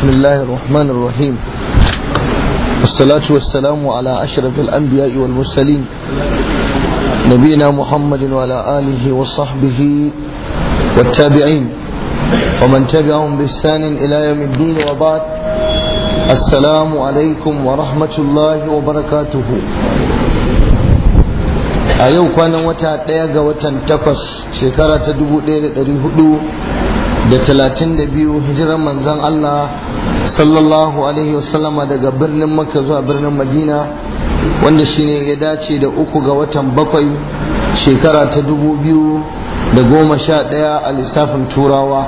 بسم الله الرحمن الرحيم والصلاة والسلام على أشرف الأنبياء والمرسلين نبينا محمد وعلى آله وصحبه والتابعين ومن تبعهم بإحسان إلى يوم الدين وبعد السلام عليكم ورحمة الله وبركاته a yau kwanan wata ɗaya ga watan takwas shekara ta 1432 hijiran manzan Allah sallallahu alaihi wasallama daga birnin makka zuwa birnin madina wanda shine ya dace da uku ga watan bakwai shekara ta dubu biyu da goma sha ɗaya a lissafin turawa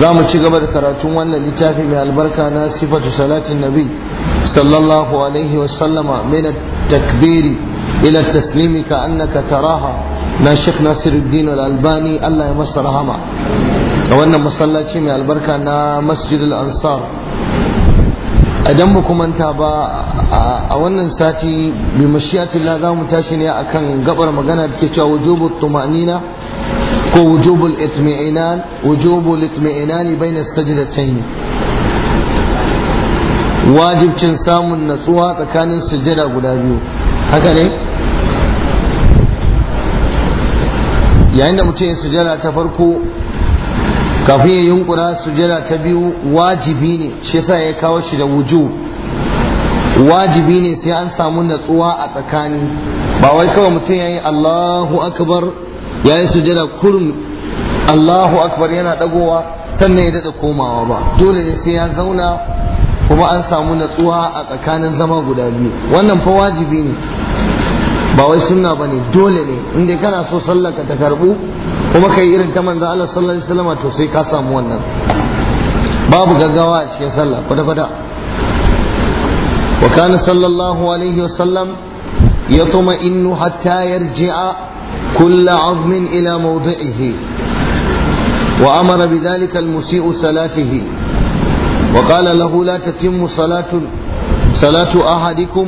za mu ci gaba da karatun wannan littafi mai albarka na sifatu salatin nabi sallallahu alaihi wasallama na takbiri ila taslimi ka annaka taraha na shekh nasiruddin al-albani allah ya masa rahama a wannan masallaci mai albarka na masjidul ansar idan ba manta ba a wannan sati bi mashiyatillah za mu tashi ne akan gabar magana da ke cewa wujubul tumanina ko wujubul itmi'inan wujubul itmi'inani baina sajdatayn wajibcin samun natsuwa tsakanin sujjada guda biyu haka ne yayin da mutum ya sujjada ta farko kafin ya yunkura sujada ta biyu wajibi ne shi sa ya kawo shi da wuju wajibi ne sai an samu natsuwa a tsakani ba wai kawai mutum ya yi Allahu akbar ya yi sujada kurum Allahu akbar yana dagowa sannan ya daɗa komawa ba dole ne sai ya zauna kuma an samu natsuwa a tsakanin zama guda biyu wannan fa wajibi ne ba wai sunna ba ne dole ne inda kana so sallar ka ta karbu kuma kai irin ta manzo Allah sallallahu alaihi wasallam to sai ka samu wannan babu gaggawa a cikin sallah kwata kwata wa kana sallallahu alaihi wasallam innu hatta yarji'a kullu 'azmin ila mawdi'ihi wa amara bidhalika al-musii'u salatihi وقال له لا تتم صلاة صلاة أحدكم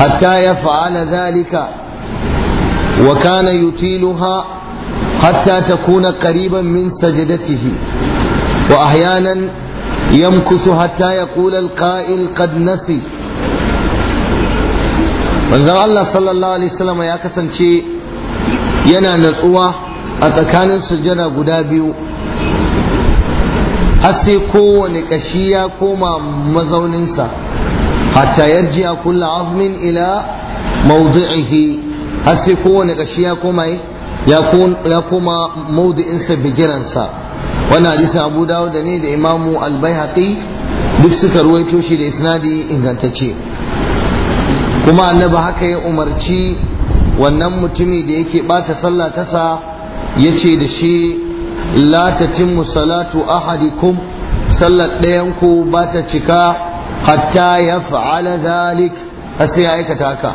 حتى يفعل ذلك وكان يطيلها حتى تكون قريبا من سجدته وأحيانا يمكث حتى يقول القائل قد نسي manzon Allah sallallahu alaihi wasallam ya kasance yana natsuwa a tsakanin sujjada guda biyu har sai kowane ƙashi ya koma mazauninsa hatta jiya kulla azmin ila mawdi'ihi har sai kowane kashi ya koma ya koma mawdi'insa bigiransa wannan hadisin Abu da ne da Imam albai baihaqi duk suka ruwaito shi da isnadi ingantacce kuma annabi haka ya umarci wannan mutumi da yake bata sallah tasa ce da shi la salatu ahadi ahadikum sallar ɗayan ku ba ta cika hatta ya fa'ala zalik har sai ya aikata haka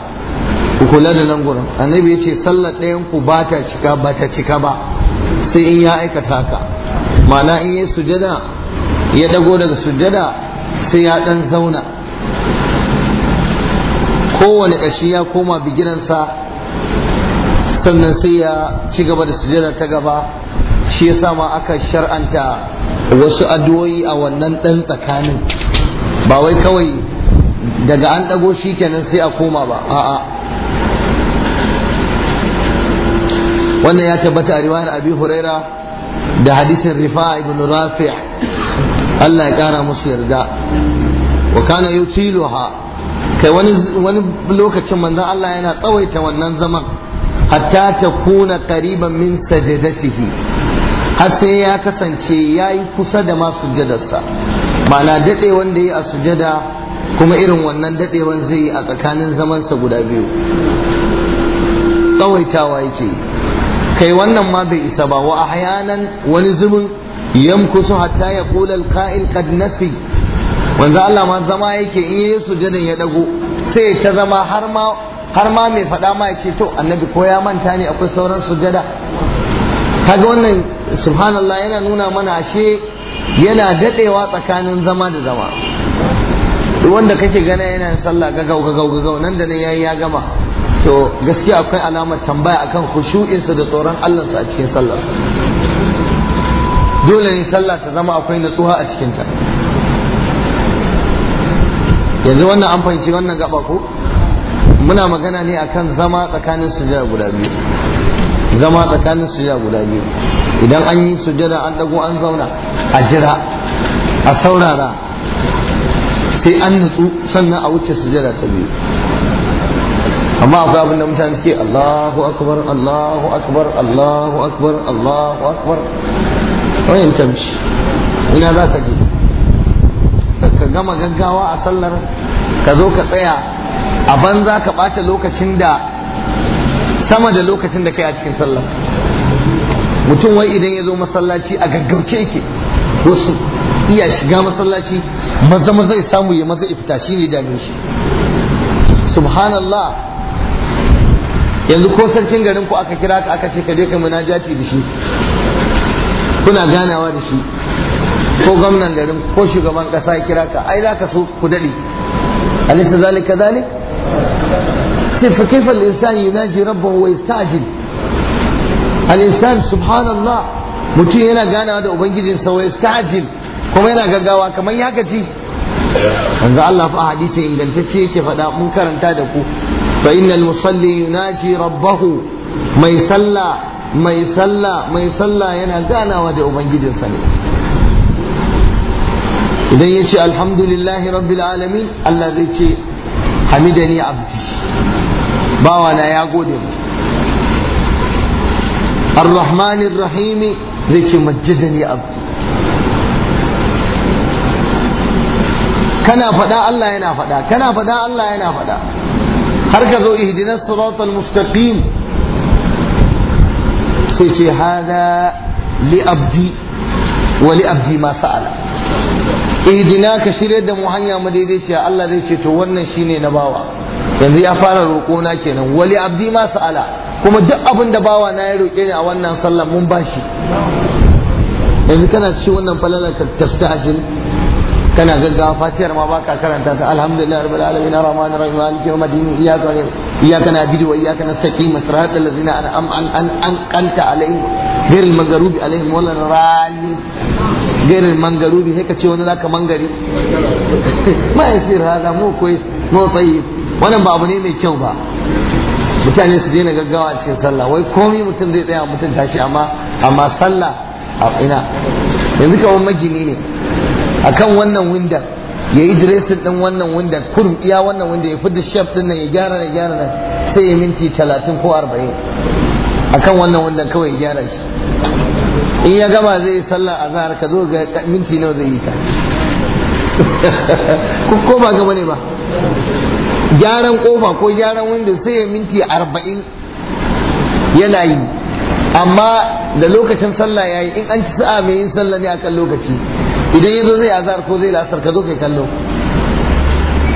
ku kula da nan gurin annabi yace sallar ɗayan ku ba ta cika ba ta cika ba sai in ya aikata haka ma'ana in ya sujada ya dago daga sujada sai ya ɗan zauna kowane ƙashi ya koma bigiransa sannan sai ya ci gaba da sujada ta gaba shi ya sama aka shar'anta wasu addu'o'i a wannan ɗan tsakanin ba wai kawai daga an ɗago shi kenan sai a koma ba a'a wannan ya tabbata a riwayar abi huraira da hadisin rifa ibn rafi' Allah ya kara musu yarda wa kana yutiluha kai wani wani lokacin manzon Allah yana tsawaita wannan zaman hatta ta kuna qariban min sajadatihi har sai ya kasance yayi kusa da masu jadarsa ma'ana daɗe wanda yi a sujada kuma irin wannan daɗewan zai yi a tsakanin zamansa guda biyu tsawaitawa yake kai wannan ma bai isa ba wa ahyanan wani zubin yamkusu hatta ya kula al qad nafi wanzu Allah ma zama yake in yayi sujadan ya dago sai ta zama har ma har ma mai faɗa ma ya ce to annabi ko ya manta ne akwai sauran sujada kaga wannan subhanallah yana nuna mana ashe yana dadewa tsakanin zama da zama wanda kake gana yana sallah gagau gagau gagau nan da nan yayi ya gama to gaskiya akwai alamar tambaya akan khushu'insa da tsoron Allah a cikin sallarsa dole ne sallah ta zama akwai natsuwa a cikinta yanzu wannan an fahimci wannan gaba ko muna magana ne akan zama tsakanin sujada guda biyu zama tsakanin sujada guda biyu idan an yi sujada an dago an zauna a jira a saurara sai an nutsu sannan a wuce sujada ta biyu amma akwai abin da mutane suke Allahu akbar Allahu akbar Allahu akbar Allahu akbar wayan tamshi ina za ka je ka gama gaggawa a sallar ka zo ka tsaya a banza ka ɓata lokacin da sama da lokacin da kai a cikin sallar mutum wai idan ya zo masallaci a gaggauce yake wasu iya shiga masallaci maza maza ya samu ya maza ya fita shi ne dame shi subhanallah yanzu ko sarkin garin ku aka kira ka aka ce ka je ka munajati da shi kuna ganawa da shi ko gwamnan garin ko shugaban kasa ya kira ka ai za ka so ku dade alaysa zalika zalik sai fa kaifa al-insan yunaji rabbahu wa yasta'jil al subhanallah mutum yana ganawa da ubangijin sa wa kuma yana gaggawa kamar ya gaji manzo Allah fa hadisi ce yake faɗa mun karanta da ku fa innal musalli yunaji rabbahu mai sallah mai sallah mai sallah yana ganawa da ubangijinsa ne idan yace ce alhamdulillahi rabbil alamin Allah zai ce hamidani abdi bawana ya gode mu ar-rahmanir rahimi zai ce majjidani abdi kana faɗa Allah yana faɗa kana faɗa Allah yana faɗa har ka zo ihdinas siratal mustaqim sai ce hada abdi wa li abdi ka shirye da mu hanya madaidaiciya Allah zai ce to wannan shine na bawa yanzu ya fara roƙo kenan wa abdi kuma duk abin da bawa na ya roƙe ni a wannan sallar mun bashi yanzu kana ci wannan falalar ka ajin kana gaggawa fatiyar ma baka karanta ta alhamdulillah rabbil alamin arrahman arrahim maliki yawmiddin iyyaka na'budu iyyaka na'budu wa iyyaka nasta'in siratal ladzina an'amta an an an anta alaihim ghairil maghdubi alaihim walal dhalin ghairil maghdubi sai ka ce wani zaka mangari ma yasir hada mu koyi mu tayyib wannan ba abu ne mai kyau ba mutane su daina gaggawa a cikin sallah wai komi mutum zai tsaya mutum tashi amma amma sallah a ina yanzu kamar magini ne akan wannan windan ya yi diresin din wannan windan kurum iya wannan windan ya fidda shaf din nan ya gyara na gyara nan sai ya minti talatin ko arba'in akan wannan windan kawai ya gyara shi in ya gama zai yi sallah a zahar ka zo ga minti nawa zai yi ta ko ba gama ne ba gyaran kofa ko gyaran windo sai ya minti arba'in yana yi amma da lokacin sallah ya yi in an ci sa'a mai yin sallah ne akan lokaci idan ya zo zai azar ko zai lasar ka zo kai kallo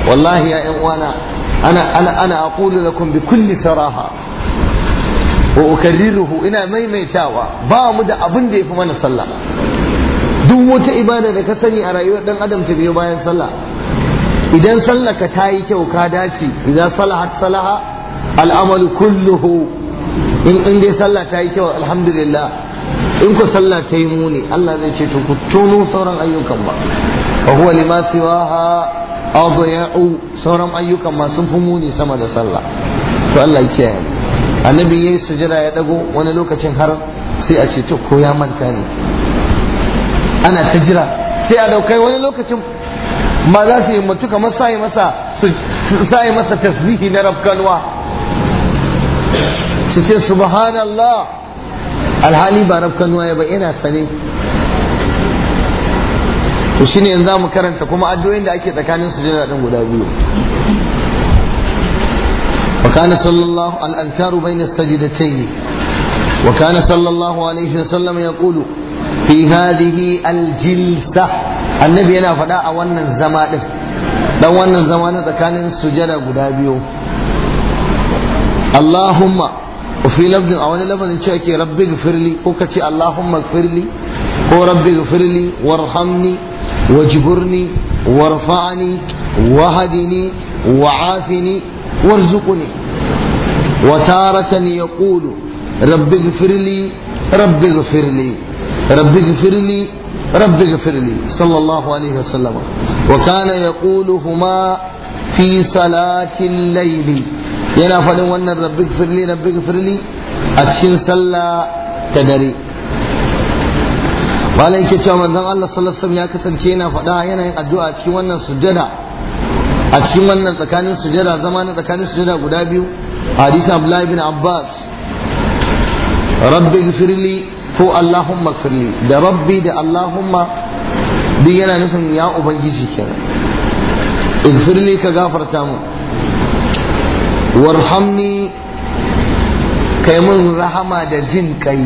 wallahi ya yan uwana ana ana ana aqulu lakum kulli saraha wa ukarriruhu ina maimaitawa ba mu da abin da yafi mana sallah duk wata ibada da ka sani a rayuwar dan adam ta biyo bayan sallah idan sallaka ta yi kyau ka dace idan salahat salaha al'amalu kulluhu in in dai sallah ta yi kyau alhamdulillah in ku sallah ta yi muni Allah zai ce to ku tono sauran ayyukan ba fa huwa lima siwaha adya'u sauran ayyukan ma sun fi muni sama da sallah to Allah ya kiyaye annabi yayi sujada ya dago wani lokacin har sai a ce to ko ya manta ne ana ta jira sai a daukai wani lokacin ma za su yi mutu kamar masa su masa tasbihi na rabkanwa su ce subhanallah alhali ba rabkanwa ya ba ina sane to shine yanzu mu karanta kuma addu'o'in da ake tsakanin sujada din guda biyu وكان صلى الله الأذكار بين السجدتين وكان صلى الله عليه وسلم يقول في هذه الجلسة annabi yana faɗa a wannan zama ɗin dan wannan zama na tsakanin sujada guda biyu Allahumma fi lafzin a wani lafazin cewa ke rabbi gfirli ko ka ce Allahumma gfirli ko rabbi gfirli warhamni wajburni warfa'ni wahadini wa'afini warzuqni wa taratan yaqulu rabbi gfirli rabbi gfirli rabbi gfirli رب اغفر لي صلى الله عليه وسلم وكان يقولهما في صلاة الليل ينا فدن wannan رب اغفر لي رب اغفر لي a cikin sallah ta dare malam yake cewa manzon Allah sallallahu alaihi ya kasance yana faɗa yana yin addu'a cikin wannan sujada a cikin wannan tsakanin sujada zama na tsakanin sujada guda biyu hadisi Abdullah Abbas rabbi ko Allahumma firli da rabbi da Allahumma duk yana nufin ya ubangiji kenan firli ka gafarta mu warhamni kai mun rahama da jin kai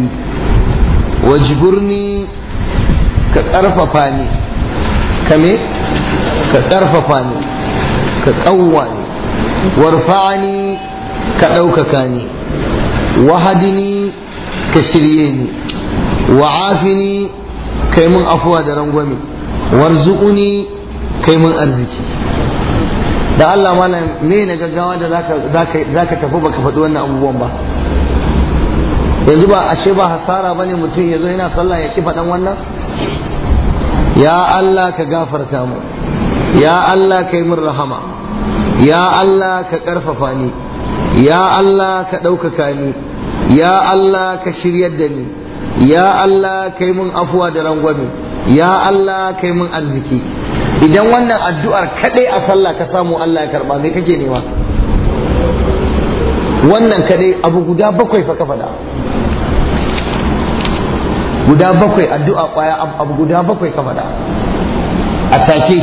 wajburni ka karfafa ni ka me ka karfafa ni ka kawwa ni warfa'ani ka ɗaukaka ni wahadini ka shirye ni wa'afini kai mun afuwa da rangwame warzuquni kai mun arziki da Allah malam me na gaggawa da za ka tafi baka faɗi wannan abubuwan ba yanzu ba ashe ba hasara bane mutum ya zo yana sallah ya kifa faɗan wannan ya Allah ka gafarta mu ya Allah ka yi min rahama ya Allah ka ƙarfafa ni ya Allah ka ɗaukaka ni ya Allah ka shiryar da ni ya Allah kai mun afuwa da rangwame ya Allah kai mun arziki idan wannan addu'ar kadai a sallah ka samu Allah ya karba me kake nema wannan kadai abu guda bakwai fa ka faɗa guda bakwai addu'a kwaya abu guda bakwai ka faɗa a take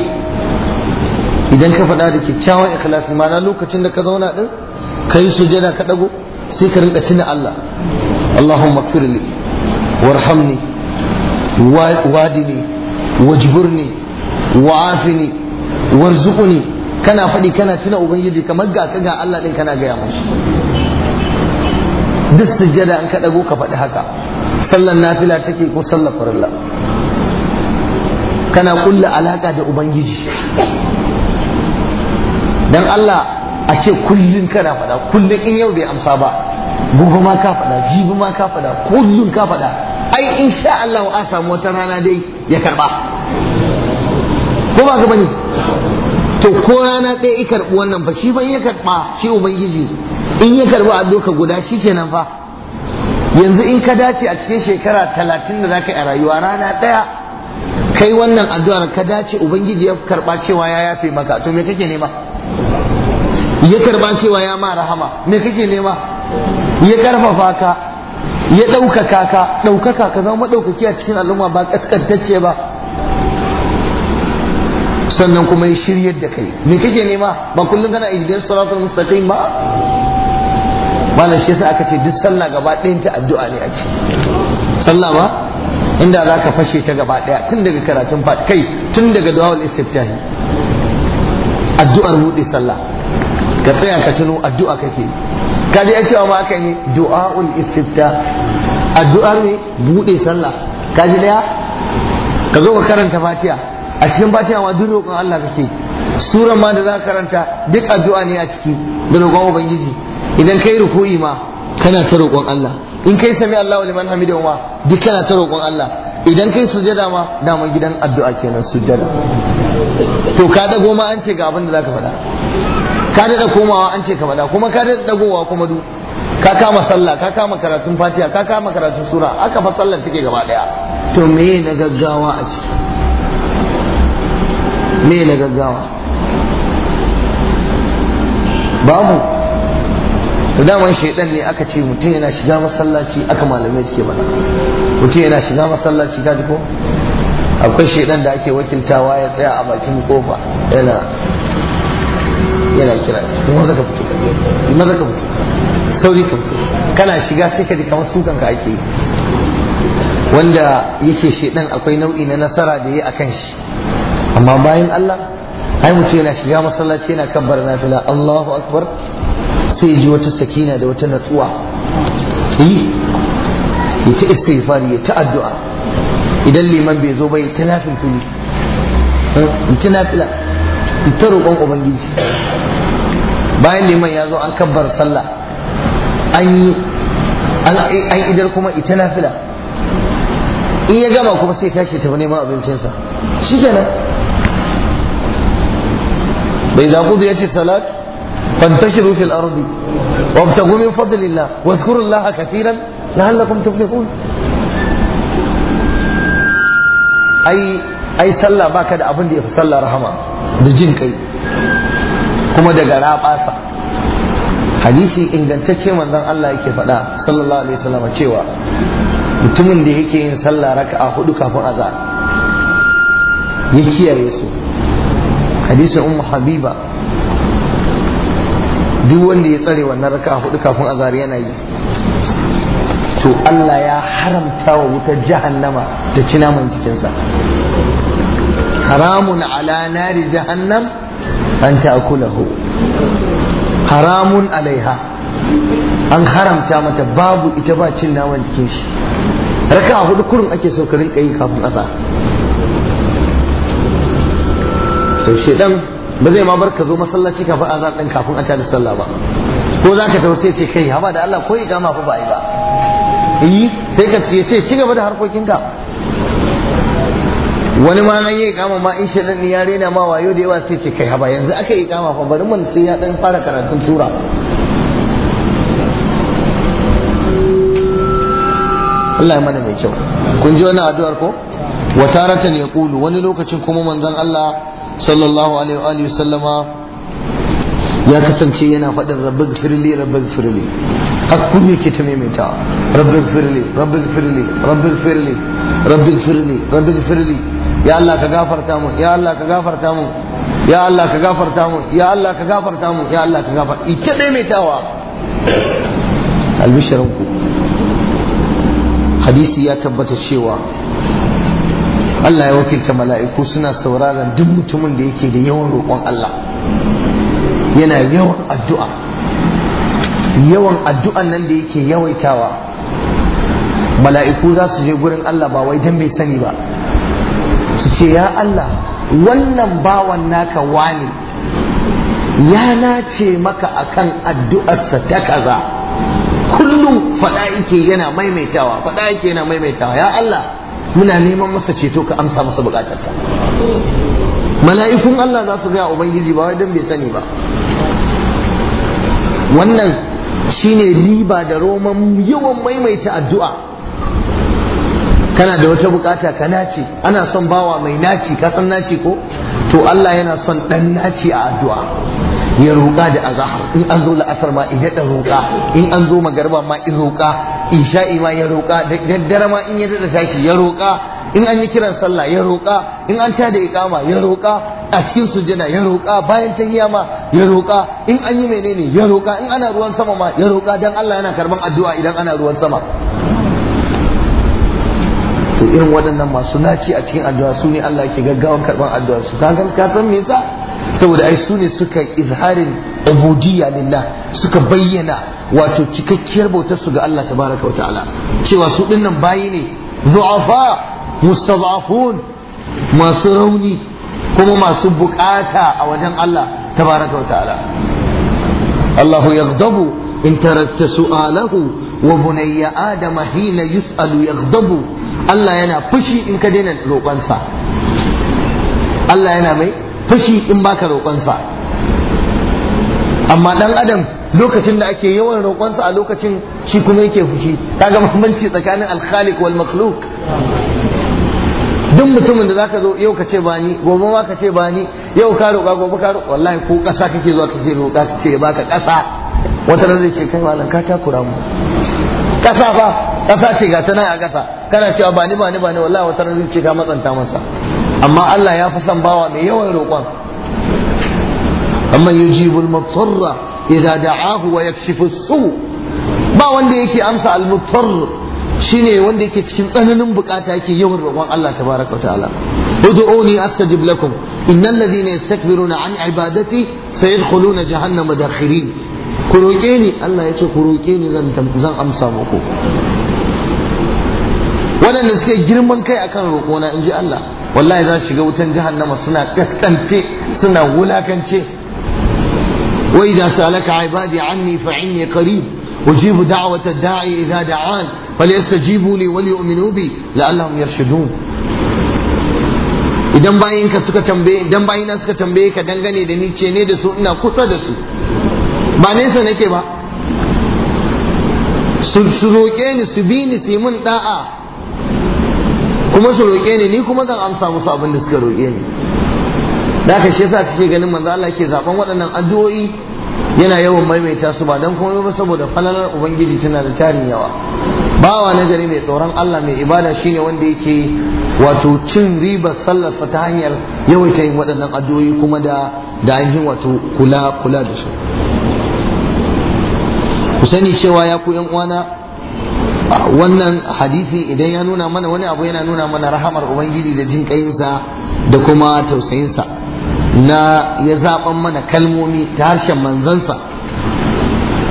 idan ka faɗa da kyakkyawan ikhlasi ma'ana lokacin da ka zauna din kai sujada ka dago sai ka rinka tuna Allah Allahumma firli warhamni wadini wajburni wa'afini warzuqni kana faɗi kana tuna ubangiji kamar ga ka ga Allah din kana gaya mashi duk sujjada an ka dago ka faɗi haka sallan nafila take ko sallar farilla kana kulla alaka da ubangiji dan Allah a ce kullun kana faɗa kullun in yau bai amsa ba gobe ma ka faɗa jibi ma ka faɗa kullun ka faɗa ai sha Allah a samu wata rana dai ya karba ko ba ka bane to ko rana ɗaya ya karɓi wannan ba shi ba ya karɓa shi ubangiji in ya karɓi addu'a guda shi kenan fa yanzu in ka dace a cikin shekara talatin da zaka yi a rayuwa rana ɗaya kai wannan addu'ar ka dace ubangiji ya karɓa cewa ya yafe maka to me kake nema ya karɓa cewa ya ma rahama me kake nema ya karfafa ka ya ɗaukaka ka ɗaukaka ka zama maɗaukaki a cikin al'umma ba ƙasƙantacce ba sannan kuma ya shiryar da kai me kake nema ba kullum kana ihdin siratal mustaqim ba malam shi yasa aka ce duk sallah gaba ɗayan ta addu'a ne a ciki sallah ma inda za ka fashe ta gaba ɗaya tun daga karatun kai tun daga du'a istiftahi addu'ar buɗe sallah ka tsaya ka tuno addu'a kake ka ji cewa ma aka yi du'a'ul istifta addu'ar ne bude sallah ka ji daya ka zo ka karanta fatiha a cikin fatiha ma duk roƙon Allah kake suran ma da za ka karanta duk addu'a ne a ciki da roƙon ubangiji idan kai ruku'i ma kana ta roƙon Allah in kai sami Allahu liman hamidahu ma duk kana ta roƙon Allah idan kai sujada ma dama gidan addu'a kenan sujada to ka dago ma an ce ga abin da zaka faɗa ka daɗa komawa an ce ka faɗa kuma ka daɗa dagowa kuma du ka kama sallah ka kama karatun fatiha ka kama karatun sura aka fa sallar take gaba ɗaya to me na gaggawa a ciki me na gaggawa babu daman shaidan ne aka ce mutum yana shiga masallaci aka malamai suke bada. mutum yana shiga masallaci ji ko akwai shaidan da ake wakiltawa ya tsaya a bakin kofa yana yana kira cikin maza ka fito maza ka fito sauri ka fito kana shiga sai ka dika kamar sukan ka ake yi wanda yake shedan akwai nau'i na nasara da yi akan shi amma bayan Allah ai mutum yana shiga masallaci yana kabbar fila Allahu akbar sai ji wata sakina da wata natsuwa yi ya ta istighfari ya ta addu'a idan liman bai zo ba ya ta nafin fili ya ta nafila ya ta roƙon ubangiji bayan liman ya zo an kabbar sallah an idar kuma ita lafila. in ya gama kuma sai tashi tafi neman abincinsa Shi shikenan bai zaku ya ce salat fantashiru fil ardi wabtagu min fadlillah wadhkuru allaha kathiran la'allakum tuflihun ai ai sallah baka da abin da ya fi sallah rahama da jin kai kuma daga rabasa hadisi ingantacce manzon Allah yake faɗa sallallahu alaihi wasallam cewa mutumin da yake yin sallah raka'a hudu kafin azan ya kiyaye su hadisi ummu habiba duk wanda ya tsare wannan raka'a hudu kafin azan yana yi to Allah ya haramta wa wutar jahannama ta ci naman jikinsa haramun ala nari jahannam an ta'kulahu haramun alaiha an haramta mata babu ita ba cin naman jikin shi raka hudu kurun ake so ka rinka yi kafin asa to dan ba zai ma bar ka zo masallaci kafin azan dan kafin a tada sallah ba ko za ka tausaye ce kai haba da Allah ko iqama fa ba yi ba yi sai ka ce ce ci gaba da harkokin ka wani ma an yi kama ma in shaɗan ya rena ma wayo da yawa sai ce kai haba yanzu aka yi kama fa bari mun sai ya dan fara karatun sura Allah ya mana mai kyau kun ji wani addu'ar ko wa taratan yaqulu wani lokacin kuma manzon Allah sallallahu alaihi wa alihi sallama ya kasance yana faɗin rabbin firli rabbin firli hakku ne ke ta maimaita rabbin firli rabbin firli rabbin firli rabbin firli rabbin firli ya Allah ka gafarta mu ya Allah ka gafarta mu ya Allah ka gafarta mu ya Allah ka gafarta mu ya Allah ka gafarta ita dai mai tawa albishirinku hadisi ya tabbata cewa Allah ya wakilta mala'iku suna sauraron duk mutumin da yake da yawan roƙon Allah yana yawan addu'a yawan addu'an nan da yake yawaitawa mala'iku za su je gurin Allah ba wai dan bai sani ba su ce ya Allah wannan bawan naka wani ya nace maka akan addu'arsa ta kaza kullum faɗa yake yana maimaitawa faɗa yake yana maimaitawa ya Allah muna neman masa ceto ka amsa masa bukatarsa mala'ikun Allah za su gaya ubangiji ba wai bai sani ba wannan shine riba da roman yawan maimaita addu'a kana da wata bukata ka naci ana son bawa mai naci ka san naci ko to Allah yana son dan naci a addu'a ya roƙa da azahar in an zo la'asar ma in daɗa roƙa in an zo magarba ma in roƙa isha'i ma ya roƙa daddare ma in ya dada tashi ya roƙa in an yi kiran sallah ya roƙa in an tada iqama ya roƙa a cikin sujjada ya roƙa bayan tahiya ma ya roƙa in an yi menene ya roƙa in ana ruwan sama ma ya roƙa dan Allah yana karban addu'a idan ana ruwan sama to irin waɗannan masu naci a cikin addu'a su ne Allah ke gaggawan karɓar addu'ar su ka ka san me yasa saboda ai su ne suka izharin ubudiyya lillah suka bayyana wato cikakkiyar bautar su ga Allah tabaraka wa cewa su dinnan bayi ne zu'afa mustad'afun masu rauni kuma masu bukata a wajen Allah tabaraka wata'ala ta'ala Allahu yaghdabu in tarakta su'alahu wa bunayya adama hina yus'alu yaghdabu Allah yana fushi in ka daina roƙonsa Allah yana mai fushi in baka roƙonsa amma ɗan adam lokacin da ake yawan roƙonsa a lokacin shi kuma yake fushi kaga bambanci tsakanin alkhaliq wal makhluq duk mutumin da zaka zo yau ka ce ba ni gobe ma ka ce ba ni yau ka roƙa gobe ka roƙa wallahi ko ƙasa kake zuwa ka ce roƙa ka ce baka ƙasa wata ran zai ce kai malam ka takura mu ƙasa fa ƙasa ce ga ta a ƙasa kana cewa ba ni ba ni ba ni wallahi wata ranar ce ka matsanta masa amma Allah ya fi son bawa mai yawan roƙon amma yujibul mutarra idza da'ahu wa yakshifu su ba wanda yake amsa al mutarr shine wanda yake cikin tsananin bukata yake yawan roƙon Allah tabaraka wa ta'ala ud'uni astajib lakum innal ladhina yastakbiruna an ibadati sayadkhuluna jahannama dakhirin ku roƙe ni Allah ya ce ku roƙe ni zan amsa muku waɗanda suke girman kai akan roƙona in ji Allah wallahi za su shiga wutan jahannama suna kaskante suna wulakance wa idza salaka ibadi anni fa inni qarib ujibu da'wata da'i idza da'an falyastajibu li wa yu'minu bi la'allahum yarshudun idan bayinka suka tambaye idan bayina suka tambaye ka dangane da ni ce ne da su ina kusa da su ba nesa nake ba su roƙe ni su bi ni su yi mun da'a kuma su roƙe ni ni kuma zan amsa musu abin da suka roƙe ni da haka shi yasa kake ganin manzo Allah ke zaben waɗannan addu'o'i yana yawan maimaita su ba dan komai ba saboda falalar ubangiji tana da tarin yawa bawa nagari mai tsoron Allah mai ibada shine wanda yake wato cin ribar sallarsa ta hanyar yawaita yin waɗannan addu'o'i kuma da da ainihin wato kula kula da su ku sani cewa ya ku yan uwana wannan hadisi idan ya nuna mana wani abu yana nuna mana rahamar ubangiji da jin kayinsa da kuma tausayinsa na ya zaben mana kalmomi ta harshen manzansa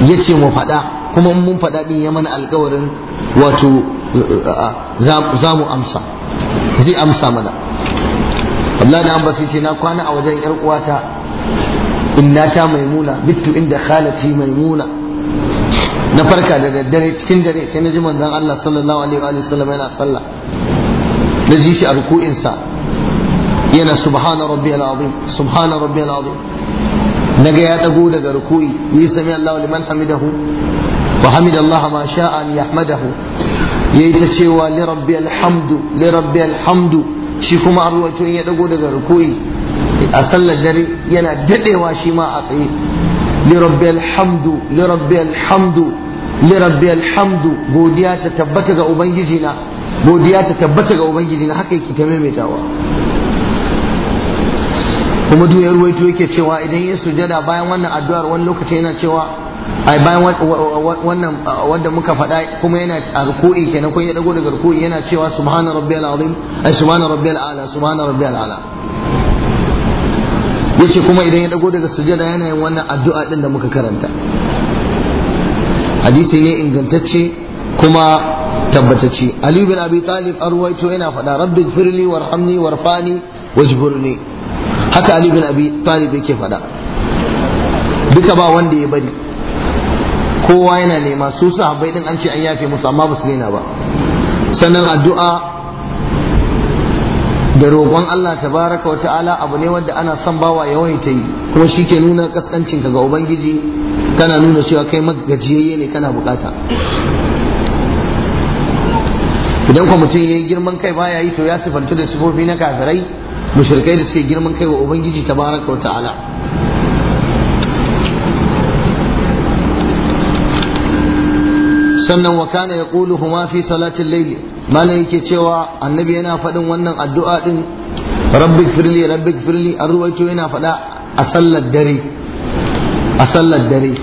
ya ce mu faɗa kuma mun faɗa ɗin ya mana alkawarin wato za mu amsa zai amsa mana Allah da ambasi ce na kwana a wajen 'yar uwata innata maimuna bittu inda khalati maimuna na farka da daddare cikin dare sai na ji manzon Allah sallallahu alaihi wa sallam yana sallah na ji shi a ruku'insa yana subhana rabbiyal azim subhana rabbiyal azim naga ya dago daga ruku'i yi sami Allahu liman hamidahu wa hamida Allah ma sha'a an yahmadahu yayi ta cewa li rabbiyal hamdu li rabbiyal hamdu shi kuma an ruwaito ya dago daga ruku'i a sallar dare yana dadewa shi ma a tsaye li rabbiyal hamdu li lirabbi alhamdu godiya ta tabbata ga na godiya ta tabbata ga ubangiji na haka yake ta maimaitawa kuma duk yato yake cewa idan ya sujada bayan wannan addu'ar wani lokaci yana cewa ai bayan wannan wanda muka faɗa kuma yana a ruku'i kenan kun ya dago daga ruku'i yana cewa subhana rabbiyal azim ai subhana rabbiyal ala subhana rabbiyal ala yace kuma idan ya dago daga sujada yana yin wannan addu'a din da muka karanta hadisi ne ingantacce kuma tabbatacce ali bin abi talib arwaito yana faɗa rabbi firli warhamni warfani wajburni haka ali bin abi talib yake faɗa duka ba wanda ya bari kowa yana nema su sahabbai din an ce an yafe musu amma ba su daina ba sannan addu'a da roƙon Allah ta baraka wa ta'ala abu ne wanda ana son bawa ta yi kuma shi ke nuna kaskancin ka ga ubangiji kana nuna cewa kai magajiyayye ne kana bukata idan kuma mutum ya yi girman kai baya yi to ya sifantu da sifofi na kafirai mushrikai da suke girman kai wa ubangiji tabaraka wa ta'ala sannan wa kana ƙulu huma fi salatin laili malam yake cewa annabi yana faɗin wannan addu'a din rabbik firli rabbik firli an ruwaito yana faɗa a sallar dare a sallar dare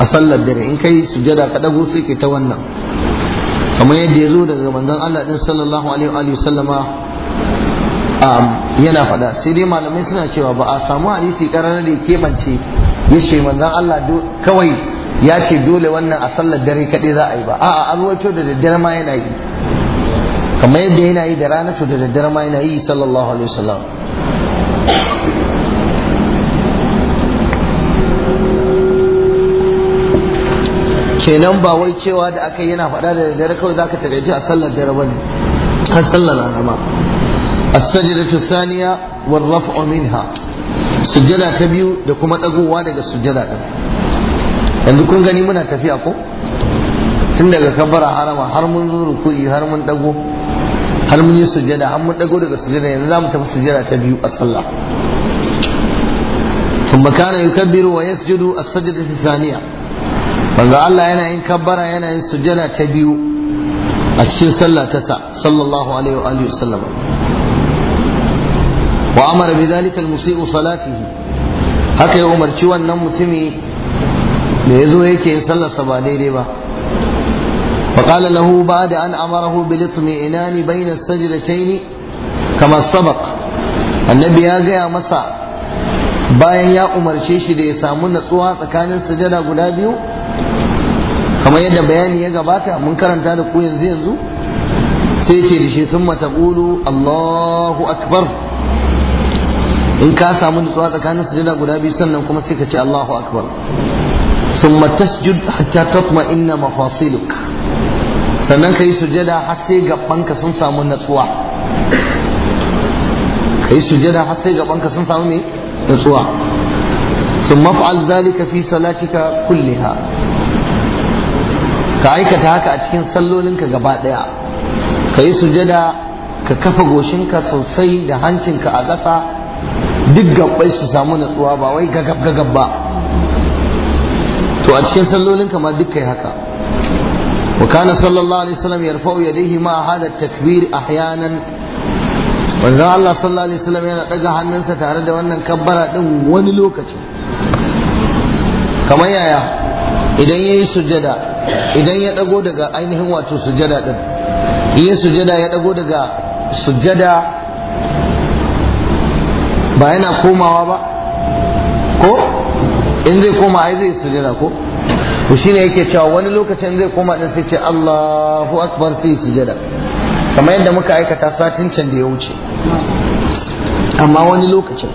a sallar dare in kai sujada ka dago sai kai ta wannan kamar yadda ya zo daga manzon Allah din sallallahu alaihi wa sallama yana faɗa sai dai malamai suna cewa ba a samu hadisi ƙararar da ya keɓance ya ce manzon Allah kawai ya ce dole wannan a sallar dare kaɗai za a yi ba a'a an ruwaito da daddare ma yana yi kamar yadda yana yi da rana to da daddare ma yana yi sallallahu alaihi wasallam kenan ba wai cewa da aka yana faɗa da daddare kawai zaka tagaji a sallar dare bane har sallar rana ma as-sajdatu thaniya wal raf'u minha sujjada ta biyu da kuma dagowa daga sujjada din yanzu kun gani muna tafiya ko tun daga kabbara harama har mun zo ruku'i har mun dago har mun yi sujjada har mun dago daga sujjada yanzu zamu tafi sujjada ta biyu a sallah wa كان يكبر ويسجد السجدة الثانية banga Allah yana yin kabbara yana yin sujjada ta biyu a cikin sallah ta sa sallallahu alaihi wa alihi wasallam wa amara bidhalika almusii'u salatihi haka ya umarci wannan mutumi da yazo yake yin sallar sa ba daidai ba da فقال له بعد أن أمره بالاطمئنان بين السجدتين كما سبق ya gaya masa bayan ya umarce shi da ya samu natsuwa tsakanin sujada guda biyu kamar yadda bayani ya gabata mun karanta da ku yanzu yanzu sai ce da shi sun mataqulu Allahu akbar in ka samu natsuwa tsakanin sujada guda biyu sannan kuma sai ka ce Allahu akbar summa tasjud hatta tatma'inna mafasiluk sannan ka yi sujada har sai gabanka sun samu natsuwa ka yi sujada har sai gabanka sun samu me natsuwa sun maf'al zalika fi salatika kulliha ka aikata haka a cikin sallolinka gaba ɗaya, ka yi sujada ka kafa goshinka sosai da hancinka a ƙasa duk gabbai su samu natsuwa ba wai gagab gagab ba to a cikin sallolin kama duk kai haka wa kana sallallahu alaihi wasallam yarfa'u yadayhi ma hada takbir ahyanan manzon Allah sallallahu alaihi wasallam yana daga hannunsa tare da wannan kabbara din wani lokaci kamar yaya idan yayi sujada idan ya dago daga ainihin wato sujada din yayi sujada ya dago daga sujada ba yana komawa ba in zai koma ai zai sujada ko yake cewa wani lokacin zai koma din sai ce akbar sai sujada kamar yadda muka aikata satin can da ya wuce amma wani lokacin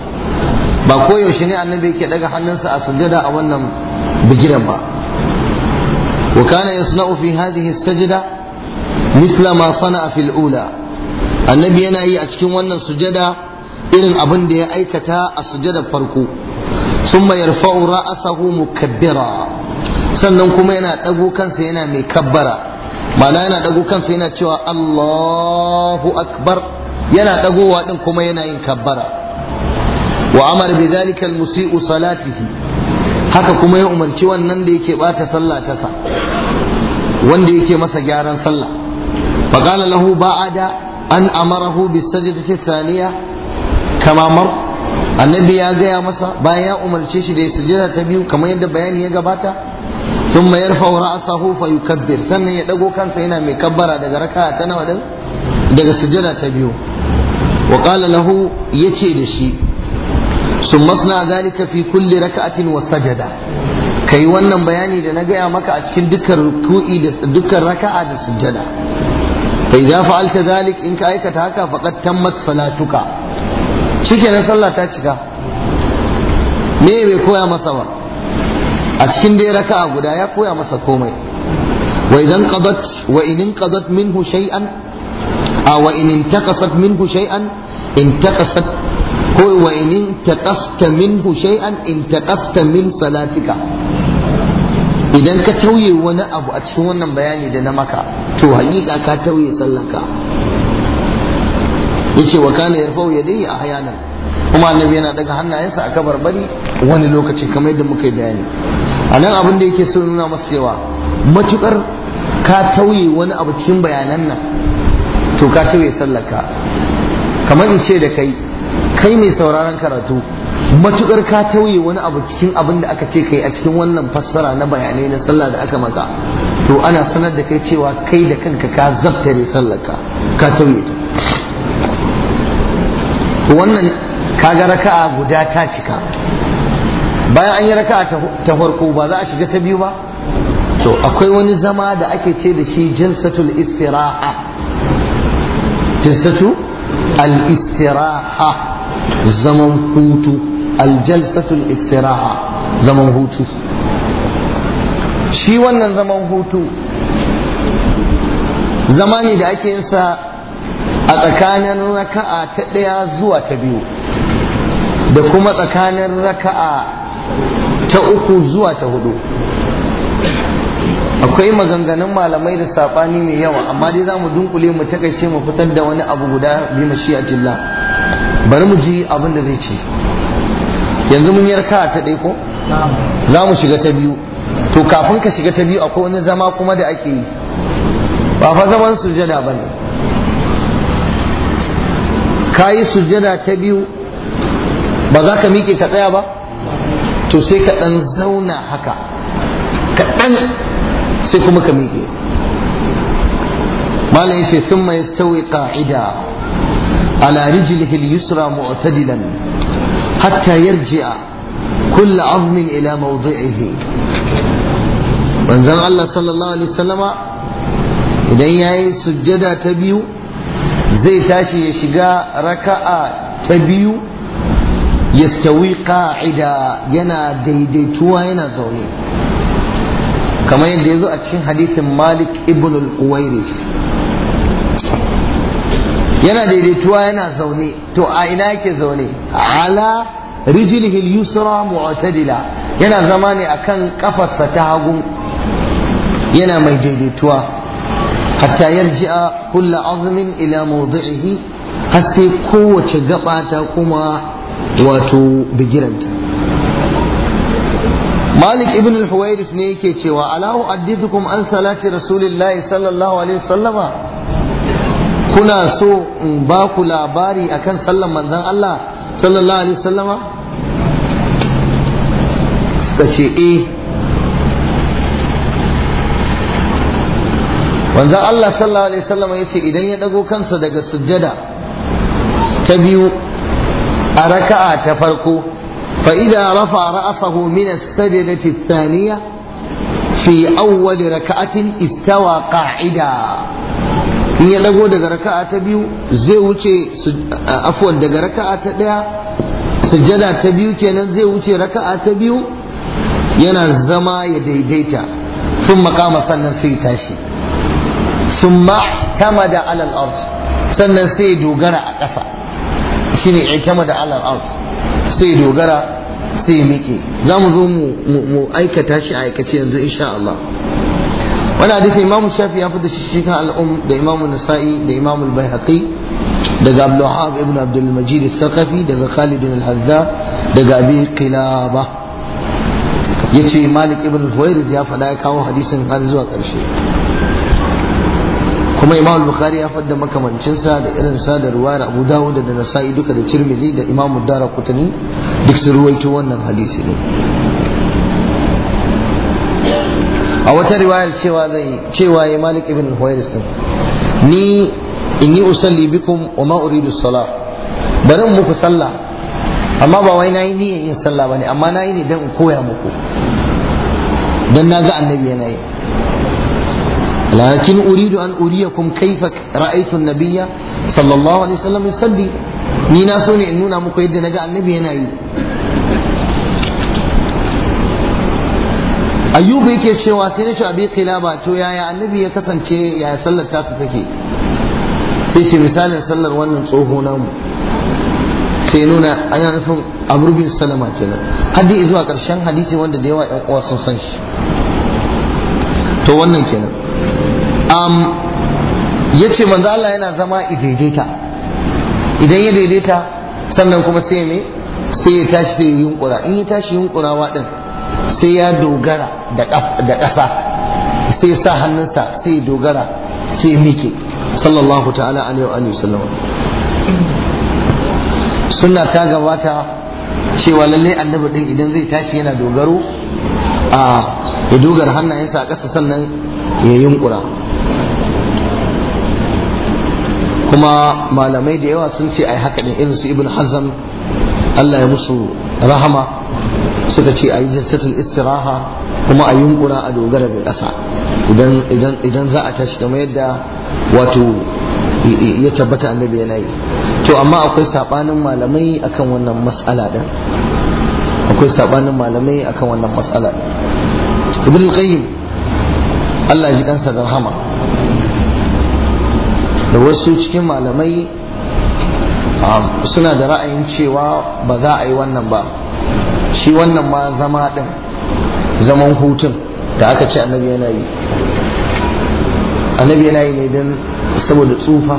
ba koyaushe ne annabi yake daga hannunsa a sujada a wannan bigiran ba wa kana yasna'u fi hadhihi sajda misla ma sana'a fil ula annabi yana yi a cikin wannan sujada irin abin da ya aikata a sujadar farko summa yarfa'u ra'sahu mukabbira sannan kuma yana dago kansa yana mai kabbara ma'ana yana dago kansa yana cewa Allahu akbar yana ɗagowa ɗin kuma yana yin kabbara wa amar bi dhalika al salatihi haka kuma ya umarci wannan da yake bata sallah ta sa wanda yake masa gyaran sallah faqala lahu ba'ada an amarahu bis sajdati thaniya kama mar annabi ya gaya masa bayan ya umarce shi da ya sujada ta biyu kamar yadda bayani ya gabata sun mayar faura asahu fa yukabbir sannan ya dago kansa yana mai kabbara daga raka ta nawa din daga sujada ta biyu wa qala ya ce da shi sun masna zalika fi kulli raka'atin wa sajada kai wannan bayani da na gaya maka a cikin dukkan ruku'i da dukkan raka'a da sujada fa idza fa'alta zalik in ka aikata haka faqad tammat salatuka shikenan sallah ta cika me bai koya masa ba a cikin dai raka'a guda ya koya masa komai wa idan qadat wa in qadat minhu shay'an aw wa in intaqasat minhu shay'an intaqasat ko wa in intaqasta minhu shay'an intaqasta min salatika idan ka tauye wani abu a cikin wannan bayani da na maka to hakika ka tauye sallanka yace wa kana yarfau a ahyanan kuma annabi yana daga hannayensa a kabar bari wani lokaci kamar yadda muka yi bayani anan nan abin da yake so nuna masa cewa matukar ka tauye wani abu cikin bayanan nan to ka tauye sallaka kamar in ce da kai kai mai sauraron karatu matukar ka tauye wani abu cikin abin da aka ce kai a cikin wannan fassara na bayanai na sallah da aka maka to ana sanar da kai cewa kai da kanka ka zabtare sallaka ka tauye ta wannan kaga raka'a guda ta cika bayan an yi raka'a ta farko ba za a shiga ta biyu ba to akwai wani zama da ake ce da shi jalsatul istiraha jalsatu al-istiraha zaman hutu al-jalsatul istiraha zaman hutu shi wannan zaman hutu zama ne da ake yin sa. a tsakanin raka'a ta ɗaya zuwa ta biyu da kuma tsakanin raka'a ta uku zuwa ta hudu akwai maganganun malamai da saɓani mai yawa amma dai za mu dunkule mu takaice mu fitar da wani abu guda bi jilla bari mu ji abin da zai ce yanzu mun yi raka'a ta ɗaya ko za mu shiga ta biyu to kafin ka shiga ta biyu akwai wani zama kuma da ake yi ba fa zaman sujada ba ne ka yi sujjada ta biyu ba za ka miƙe ka tsaya ba to sai ka ɗan zauna haka ka ɗan sai kuma ka miƙe malam yace sun mai stawi qa'ida ala rijlihi al-yusra mu'tadilan hatta yarji'a kull 'azmin ila mawdi'ihi manzon Allah sallallahu alaihi wasallama idan yayi sujjada ta biyu zai tashi ya shiga raka'a ta biyu ya stawi ka'ida yana daidaituwa yana zaune kamar yadda ya zo a cikin hadisin malik ibn al-uwairis yana daidaituwa yana zaune to a ina yake zaune ala rijilihi al-yusra mu'tadila yana zama ne akan kafarsa ta hagu yana mai daidaituwa hatta yarji'a kula azmin ila mawdi'ihi har sai kowace gaba ta kuma wato bigiranta Malik ibn al-Huwairis ne yake cewa ala u'addithukum an salati rasulillahi sallallahu alaihi wasallama kuna so in ba ku labari akan sallan manzon Allah sallallahu eh wanzan Allah sallallahu alaihi wasallam ya ce idan ya dago kansa daga sujjada ta biyu a raka'a ta farko fa idza rafa ra'sahu min as-sajdati ath-thaniya fi awwal raka'atin istawa qa'ida in ya dago daga raka'a ta biyu zai wuce afwan daga raka'a ta daya sujjada ta biyu kenan zai wuce raka'a ta biyu yana zama ya daidaita sun makama sannan sai tashi summa tamada alal arz sannan sai ya dogara a ƙasa shine da alal arz sai ya dogara sai ya miƙe za mu zo mu aikata shi a aikace yanzu insha Allah wani hadisi imamu shafi ya fita shi kan al'um da imamu nasa'i da imamu al daga abdullahab ibn abdul majid al-saqafi daga khalid al-hazza daga abi yace malik ibn al ya fada ya kawo hadisin har zuwa karshe. kuma imam bukhari ya fadda makamancin sa da irin sa da abu dawud da nasa'i duka da tirmizi da imam daraqutni duk sun ruwaito wannan hadisi ne a wata riwayar cewa zai cewa ya malik ibn huwairis ni ni yi usalli bikum wa ma uridu salah bari muku sallah amma ba wai nayi niyyar yin sallah bane amma nayi ne dan in koya muku dan naga annabi yana yi lakin uridu an uriyakum kaifa ra'aytu an-nabiyya sallallahu alaihi wasallam yusalli ni na so in nuna muku yadda naga annabi yana yi ayyubu yake cewa sai na ci abi Bato to yaya annabi ya kasance yaya sallar tasu take sai ce misalin sallar wannan tsoho sai nuna ana nufin amurbin salama kenan haddi zuwa karshen hadisi wanda da yawa yan uwa sun san shi to wannan kenan um, ya ce manzo Allah yana zama idaidaita daidaita idan ya daidaita sannan kuma sai me sai ya tashi sai ya yunkura in ya tashi wa din sai ya dogara da ƙasa sai ya sa hannunsa sai ya dogara sai ya mike sallallahu ta'ala alaihi wa sallam sunna ta gabata cewa lalle annabi din idan zai tashi yana dogaro a ya dogara hannayensa a ƙasa sannan ya yunkura kuma malamai da yawa sun ce a yi haka ne irin su ibn Hazan Allah ya musu rahama suka ce a yi jinsatul istiraha kuma a yunkura a dogara ga ƙasa idan za a tashi kamar yadda wato ya tabbata annabi yana yi to amma akwai sabanin malamai akan wannan mas'ala din akwai sabanin malamai akan wannan mas'ala ibn al-qayyim Allah ya ji kansa da rahama da wasu cikin malamai suna da ra'ayin cewa ba za a yi wannan ba shi wannan ma zama ɗin zaman hutun da aka ce annabi yana yi annabi yana yi ne don saboda tsufa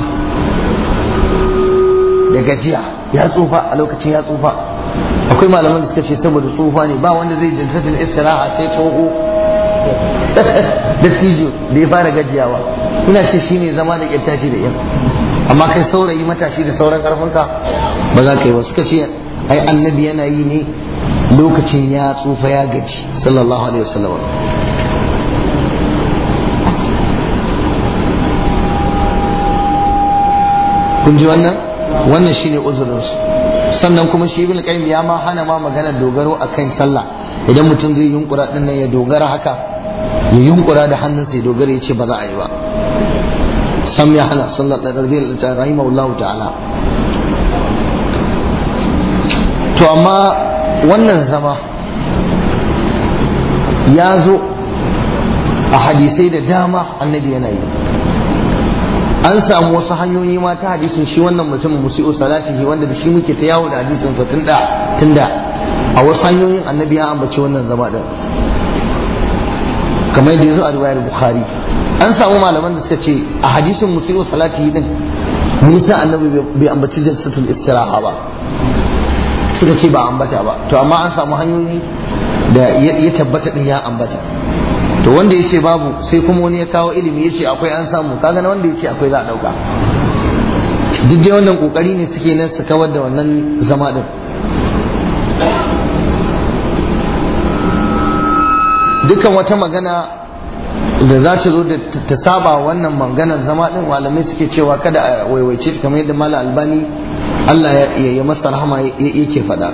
da gajiya ya tsufa a lokacin ya tsufa akwai malaman da suka ce saboda tsufa ne ba wanda zai jin istiraha sai tsoho da tijo da ya fara gajiyawa ina ce shi ne zama da ƙyar da ƙyar amma kai saurayi matashi da sauran ƙarfinka ba za ka yi ba suka ce ai annabi yana yi ne lokacin ya tsufa ya gaji sallallahu alaihi wasallam kun ji wannan wannan shine uzurinsu sannan kuma shi ibn qayyim ya ma hana ma magana dogaro kan sallah idan mutum zai yunkura din nan ya dogara haka ya yunkura da hannunsa ya dogara ya ce ba za a yi ba sam ya hana sallar ɗarɗarɗi da rahimahullahu ta'ala to amma wannan zama ya zo a hadisai da dama annabi yana yi an samu wasu hanyoyi ma ta hadisin shi wannan mutumin musi'u salatihi wanda da shi muke ta yawo da hadisin sa tunda tunda a wasu hanyoyin annabi ya ambaci wannan zama din kamar yadda yazo a riwayar bukhari an samu malaman da suka ce a hadisin musiru salati din nisa annabi bai ambaci jinsatul istiraha ba suka ce ba ambata ba to amma an samu hanyoyi da ya tabbata din ya ambata to wanda ya ce babu sai kuma wani ya kawo ilimi ya ce akwai an samu kaga na wanda ya ce akwai za a dauka duk dai wannan kokari ne suke nan su kawar da wannan zama din dukkan wata magana da za ta zo da ta saba wannan maganar zama ɗin, malamai suke cewa kada a waiwaice ta kamar yadda mala albani Allah ya yi masa rahama yake faɗa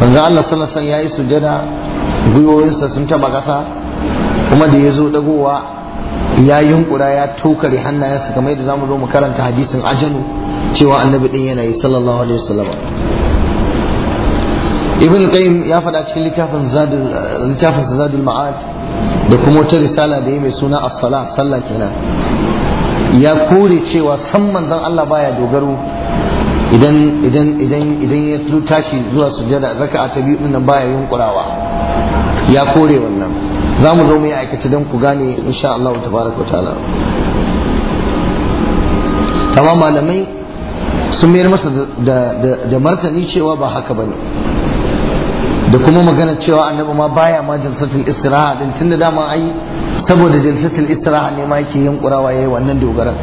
manzo Allah sallallahu ya yi sujada gwiwoyinsa sun taba ƙasa kuma da ya zo dagowa ya yi hunkura ya tokare hannayensa kamar yadda za mu zo mu karanta hadisin ajanu cewa annabi ɗin yana yi sallallahu alaihi wasallam ibn qayyim ya faɗa cikin littafin zadul littafin zadul ma'ad da kuma wata risala da ya mai suna as-sala sallah kenan ya kore cewa san manzon Allah baya dogaro idan idan idan idan ya tashi zuwa sujada raka'a ta biyu nan baya yunkurawa ya kore wannan za mu zo mu yi aikata don ku gane insha Allah tabaraka ta'ala tamam malamai sun mayar masa da martani cewa ba haka bane da kuma magana cewa annabi ma baya ma jalsatul isra'a. din tunda dama ai saboda jalsatul isra'a ne ma yake yin kurawa yayi wannan dogaran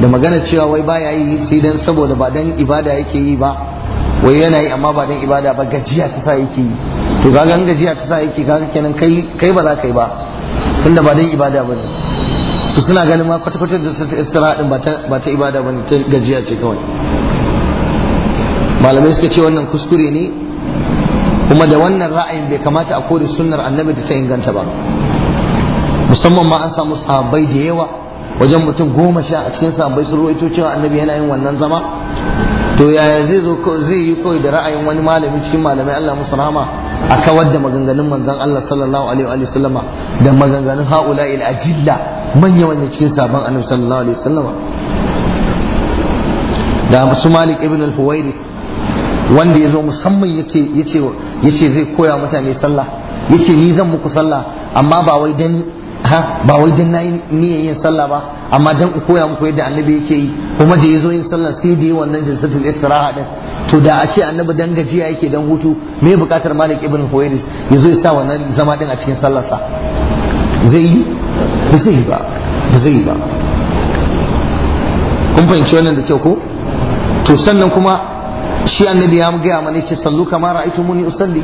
da magana cewa wai baya yi sai dan saboda ba dan ibada yake yi ba wai yana yi amma ba dan ibada ba gajiya ta sa yake yi to kaga an gajiya ta sa yake kaga kenan kai kai ba za ka yi ba tunda ba dan ibada ba ne su suna ganin ma kwata-kwata da ta istiraha din ba ta ibada ba ne ta gajiya ce kawai malamai suka ce wannan kuskure ne kuma da wannan ra'ayin bai kamata a kore sunnar annabi da ta inganta ba musamman ma an samu sahabbai da yawa wajen mutum goma sha a cikin sahabbai sun ruwaito cewa annabi yana yin wannan zama to yaya zai zo zai yi koyi da ra'ayin wani malami cikin malamai Allah musu rahama a kawar da maganganun manzon Allah sallallahu alaihi wa sallama da maganganun haula'il ajilla manya wanda cikin sahabban annabi sallallahu alaihi wa sallama da su Malik ibn al-Huwairi wanda ya zo musamman ya ce zai koya mutane sallah ya ce ni zan muku sallah amma ba wai dan ha ba wai yin sallah ba amma dan ku koya muku yadda annabi yake yi kuma da yazo yin sallah sai da wannan jinsatul istiraha din to da a ce annabi dan gajiya yake dan hutu me bukatar malik ibn huwairis yazo ya sa wannan zama din a cikin sa zai yi ba zai ba ba zai ba kun fahimci wannan da kyau ko to sannan kuma shi annabi ya gaya mana ce sallu kama ra'aytumuni usalli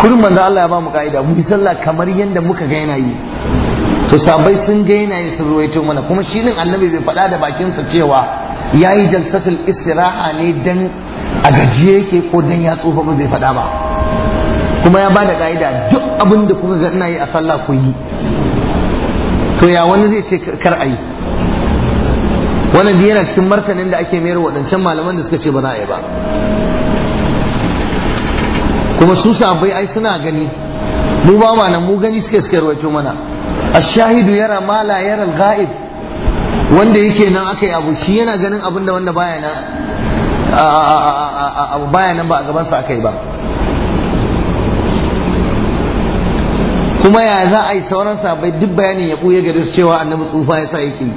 kullum manzo Allah ya ba mu ka'ida mu sallah kamar yadda muka ga yana yi to sabai sun ga yana yi sun ruwaito mana kuma shi din annabi bai faɗa da bakinsa cewa yayi jalsatul istiraha ne dan a gajiye yake ko dan ya tsufa ba bai faɗa ba kuma ya ba da ka'ida duk abin da kuka ga ina yi a sallah ku yi to ya wani zai ce kar a yi wannan duk yana cikin martanin da ake mayar waɗancan malaman da suka ce ba za a ba kuma su sabai ai suna gani mu ba ma nan mu gani suke suke rawaito mana ashahidu yara ma yara al-ghaib wanda yake nan aka yi abu shi yana ganin abin da wanda baya nan ba a gabansa aka yi ba kuma ya za a yi sauran sabai duk bayanin ya ɓuya gare su cewa annabi tsufa ya sa yake yi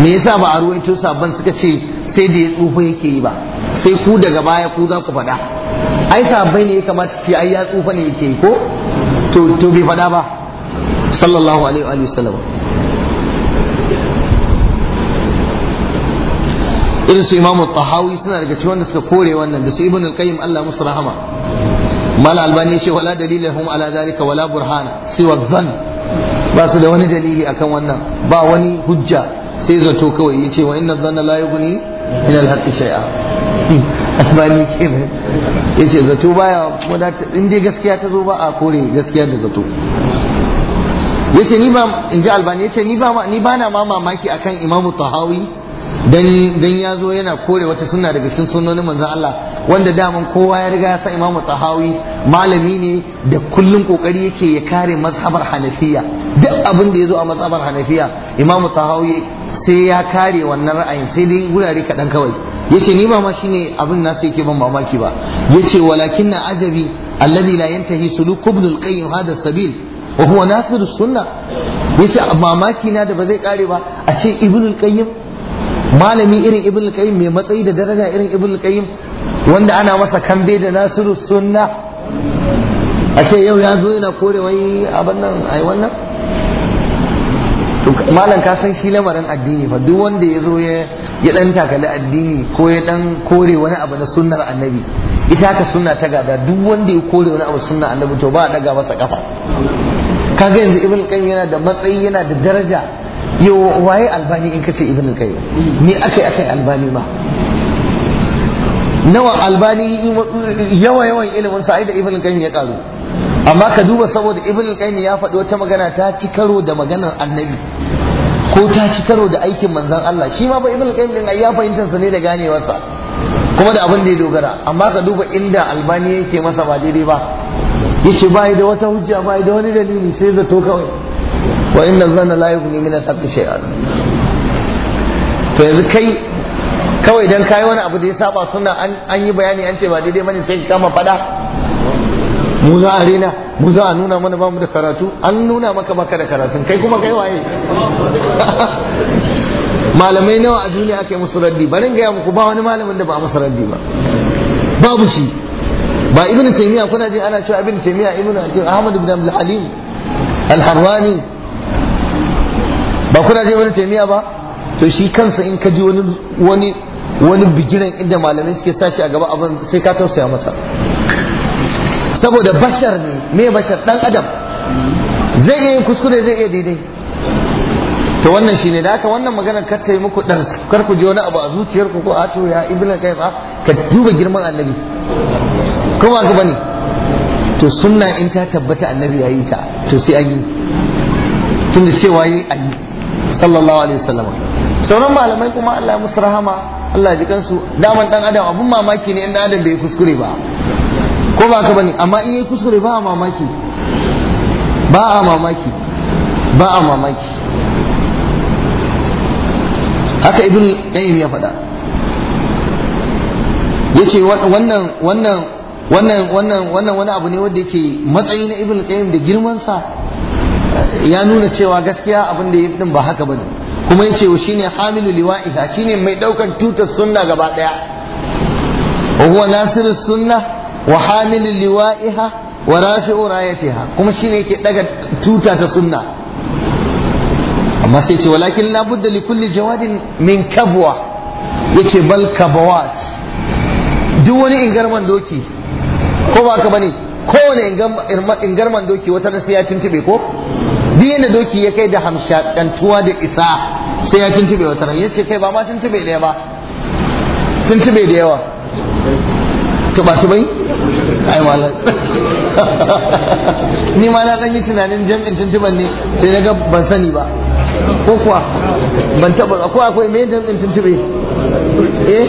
me yasa ba a ruwaito sabon suka ce sai da ya tsufa yake yi ba sai ku daga baya ku za ku faɗa ai sabai ne ya kamata ce ai ya tsufa ne yake yi ko to bai faɗa ba sallallahu alaihi wa sallam irin su imamu tahawi suna daga cikin wanda suka kore wannan da su ibn al-qayyim Allah musu rahama mal albani ce wala dalilin dalilahum ala zalika wala burhana siwa dhann ba su da wani dalili akan wannan ba wani hujja sai zato kawai ya ce wa inna zanna la yughni min al-haqqi shay'a ke kenan ya ce zato baya wadata in dai gaskiya ta zo ba a kore gaskiya da zato ya ce ni ba in ji albani ya ce ni ba ni ba na ma mamaki akan imamu tahawi dan ya zo yana kore wata suna daga cikin sunnonin manzon Allah wanda daman kowa ya riga ya san imamu tahawi malami ne da kullun kokari yake ya kare mazhabar hanafiya duk abin da ya zo a mazhabar hanafiya imamu tahawi sai ya kare wannan ra'ayin sai dai wurare kaɗan kawai yace ni ba ma shine abin nasu yake ban mamaki ba yace walakin na ajabi alladhi la yantahi suluk ibn qayyim hada sabil wa huwa suna? sunna ce mamaki na da ba zai kare ba a ce ibnul malami irin ibnul mai matsayi da daraja irin ibnul wanda ana masa kambe da nasiru sunna a ce yau ya zo yana kore wai abin nan ai wannan malam ka san shi lamarin addini fa duk wanda ya zo ya ya dan takali addini ko ya dan kore wani abu na sunnar annabi ita haka sunna ta gada duk wanda ya kore wani abu sunnar annabi to ba a daga masa kafa kaga yanzu ibn qayyim yana da matsayi yana da daraja yo waye albani in kace ibn qayyim ni akai akai albani ma nawa albani yawa yawan ilimin sa da ibn qayyim ya karu amma ka duba saboda ibn al-qayyim ya faɗi wata magana ta ci karo da maganar annabi ko ta ci karo da aikin manzon Allah shi ma ba ibn al-qayyim din ya fahimtar sa ne da ganewarsa kuma da abin da ya dogara amma ka duba inda albani yake masa ba daidai ba yace ba da wata hujja ba da wani dalili sai zato kawai wa inna zanna la yughni min al-haqqi shay'an to yanzu kai kawai dan kai wani abu da ya saba suna an yi bayani an ce ba daidai bane sai ka kama fada mu za a rena mu za a nuna mana ba mu da karatu an nuna maka baka da karatu kai kuma kai waye malamai nawa a duniya aka yi musu raddi barin gaya muku ba wani malamin da ba a masa raddi ba babu shi ba ibn taymiya kuna ji ana cewa ibn taymiya ibn ahmad ibn abdul halim al-harwani ba kuna ji ibn taymiya ba to shi kansa in ka ji wani wani wani bigiran inda malamai suke sashi a gaba abin sai ka tausaya masa saboda bashar ne me bashar dan adam zai iya yin kuskure zai iya daidai to wannan shi ne, da haka wannan maganar kar ta yi muku dan kar ku ji wani abu a zuciyarku ko a to ya ibnu kai ba ka duba girman annabi kuma ka bane to sunna in ta tabbata annabi ya yi ta to sai an yi tunda cewa yi an yi sallallahu alaihi wasallam sauran malamai kuma Allah ya musu rahama Allah ya ji kansu daman dan adam abun mamaki ne in dan adam bai kuskure ba ko ba ka bane amma in yi kuskure ba a mamaki ba a mamaki ba a mamaki haka ibn qayyim ya faɗa ce wannan wannan wannan wannan wannan wani abu ne wanda yake matsayi na ibn qayyim da girman sa ya nuna cewa gaskiya abin da yayi din ba haka bane kuma ya ce wa shine hamilu shi shine mai ɗaukar tutar sunna gaba ɗaya wa huwa nasirus sunna. wa hamilul liwa'iha wa ura rafi'u rayatiha kuma shine yake daga tuta ta suna amma sai ce walakin la budda li jawadin min kabwa yace bal kabawat duk wani ingarman doki ko ba ka bane kowane ingarman doki wata sai ya tuntube ko duk yadda doki ya kai da hamshakantuwa da isa sai ya tuntube wata ran yace kai ba ma tuntube ɗaya ba tuntube da yawa tuba tubai ai malam ni ma na dan yi tunanin jam'in tuntuban ne sai na ga ban sani ba ko kuwa ban taba ko akwai me jam'in tuntube eh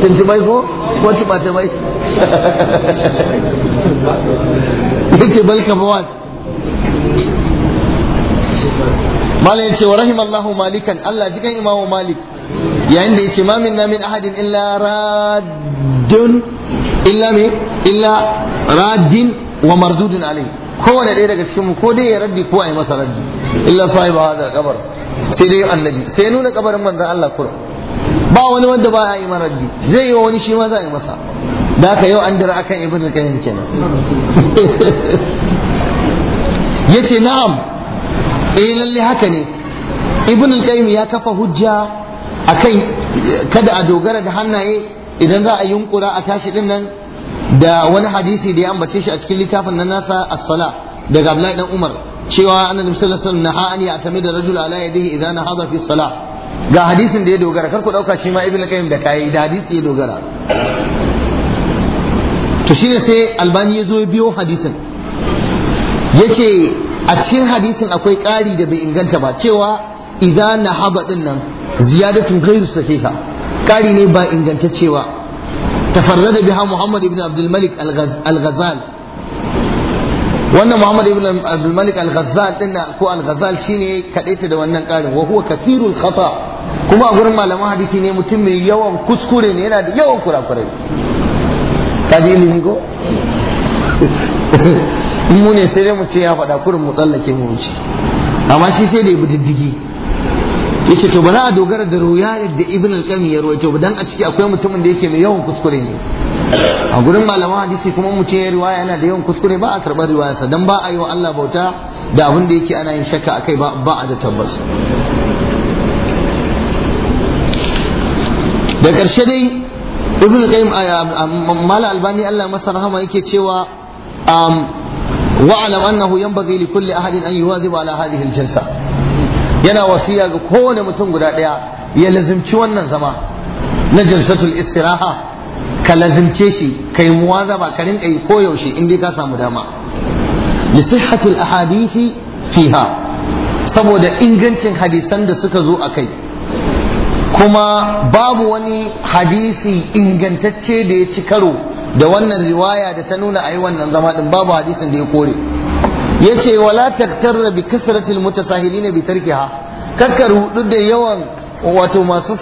tuntubai ko ko tuba tubai yace bal kabawat malam yace wa rahimallahu malikan Allah jikan imamu malik yayin da yace ma minna min ahadin illa rad raddun illa me illa raddin wa mardudin alai kowane ɗaya daga cikin mu ko dai ya raddi ko a yi masa raddi illa sahiba hada kabar sai dai annabi sai nuna kabarin manzon Allah kura ba wani wanda ba ya yi mara raddi zai yi wa wani shi ma za a yi masa da haka yau an dira akan ibnu kayyim kenan yace na'am eh lalle haka ne ibnu kayyim ya kafa hujja akan kada a dogara da hannaye idan za a yunkura a tashi din nan da wani hadisi da ya ambace shi a cikin littafin nan nasa as-sala daga Abdullahi dan Umar cewa annabi sallallahu alaihi wasallam nahani tamida rajul ala yadihi idan hada fi sala. ga hadisin da ya dogara kar ku dauka shi ma ibnu kayyim da kai da hadisi ya dogara to shine sai albani ya zo ya biyo hadisin yace a cikin hadisin akwai ƙari da bai inganta ba cewa idan nahaba din nan ziyadatun ghairu sahiha ƙari ne ba ingantacce ba tafarrada biha muhammad ibn abdul malik al-ghazal wannan muhammad ibn abdul malik al-ghazal din ko al-ghazal shine kadaita da wannan ƙarin wa huwa kasirul khata kuma a gurin malaman hadisi ne mutum mai yawan kuskure ne yana da yawan kurakurai kaji ilimi ko mu ne sai dai mu ce ya faɗa kurin mu tsallake mu wuce amma shi sai da ya bi diddigi yace to ba za a dogara da ruwayar da ibn al-qayyim ya ruwaito ba dan a ciki akwai mutumin da yake mai yawan kuskure ne a gurin malaman hadisi kuma mutum ya riwaya yana da yawan kuskure ba a karɓar sa dan ba a yi wa Allah bauta da abin da yake ana yin shakka akai ba ba a da tabbas da karshe dai ibn al-qayyim mala albani Allah masa rahama yake cewa um, wa'alam annahu yanbaghi li kulli ahadin an yuwaziba ala hadhihi al-jalsa yana wasiya ga kowane mutum guda ɗaya ya lazimci wannan zama na jalsatul istiraha ka lazimce shi ka yi muwa muwazaba ka rinka yi koyaushe in dai ka samu dama li sihhatil ahadithi fiha saboda ingancin hadisan da suka zo a kai kuma babu wani hadisi ingantacce da ya ci karo da wannan riwaya da ta nuna a yi wannan zama din babu hadisin da ya kore yace wala taktarra bi kasratil mutasahilina bi tarkiha kakka rudu da yawan wato masu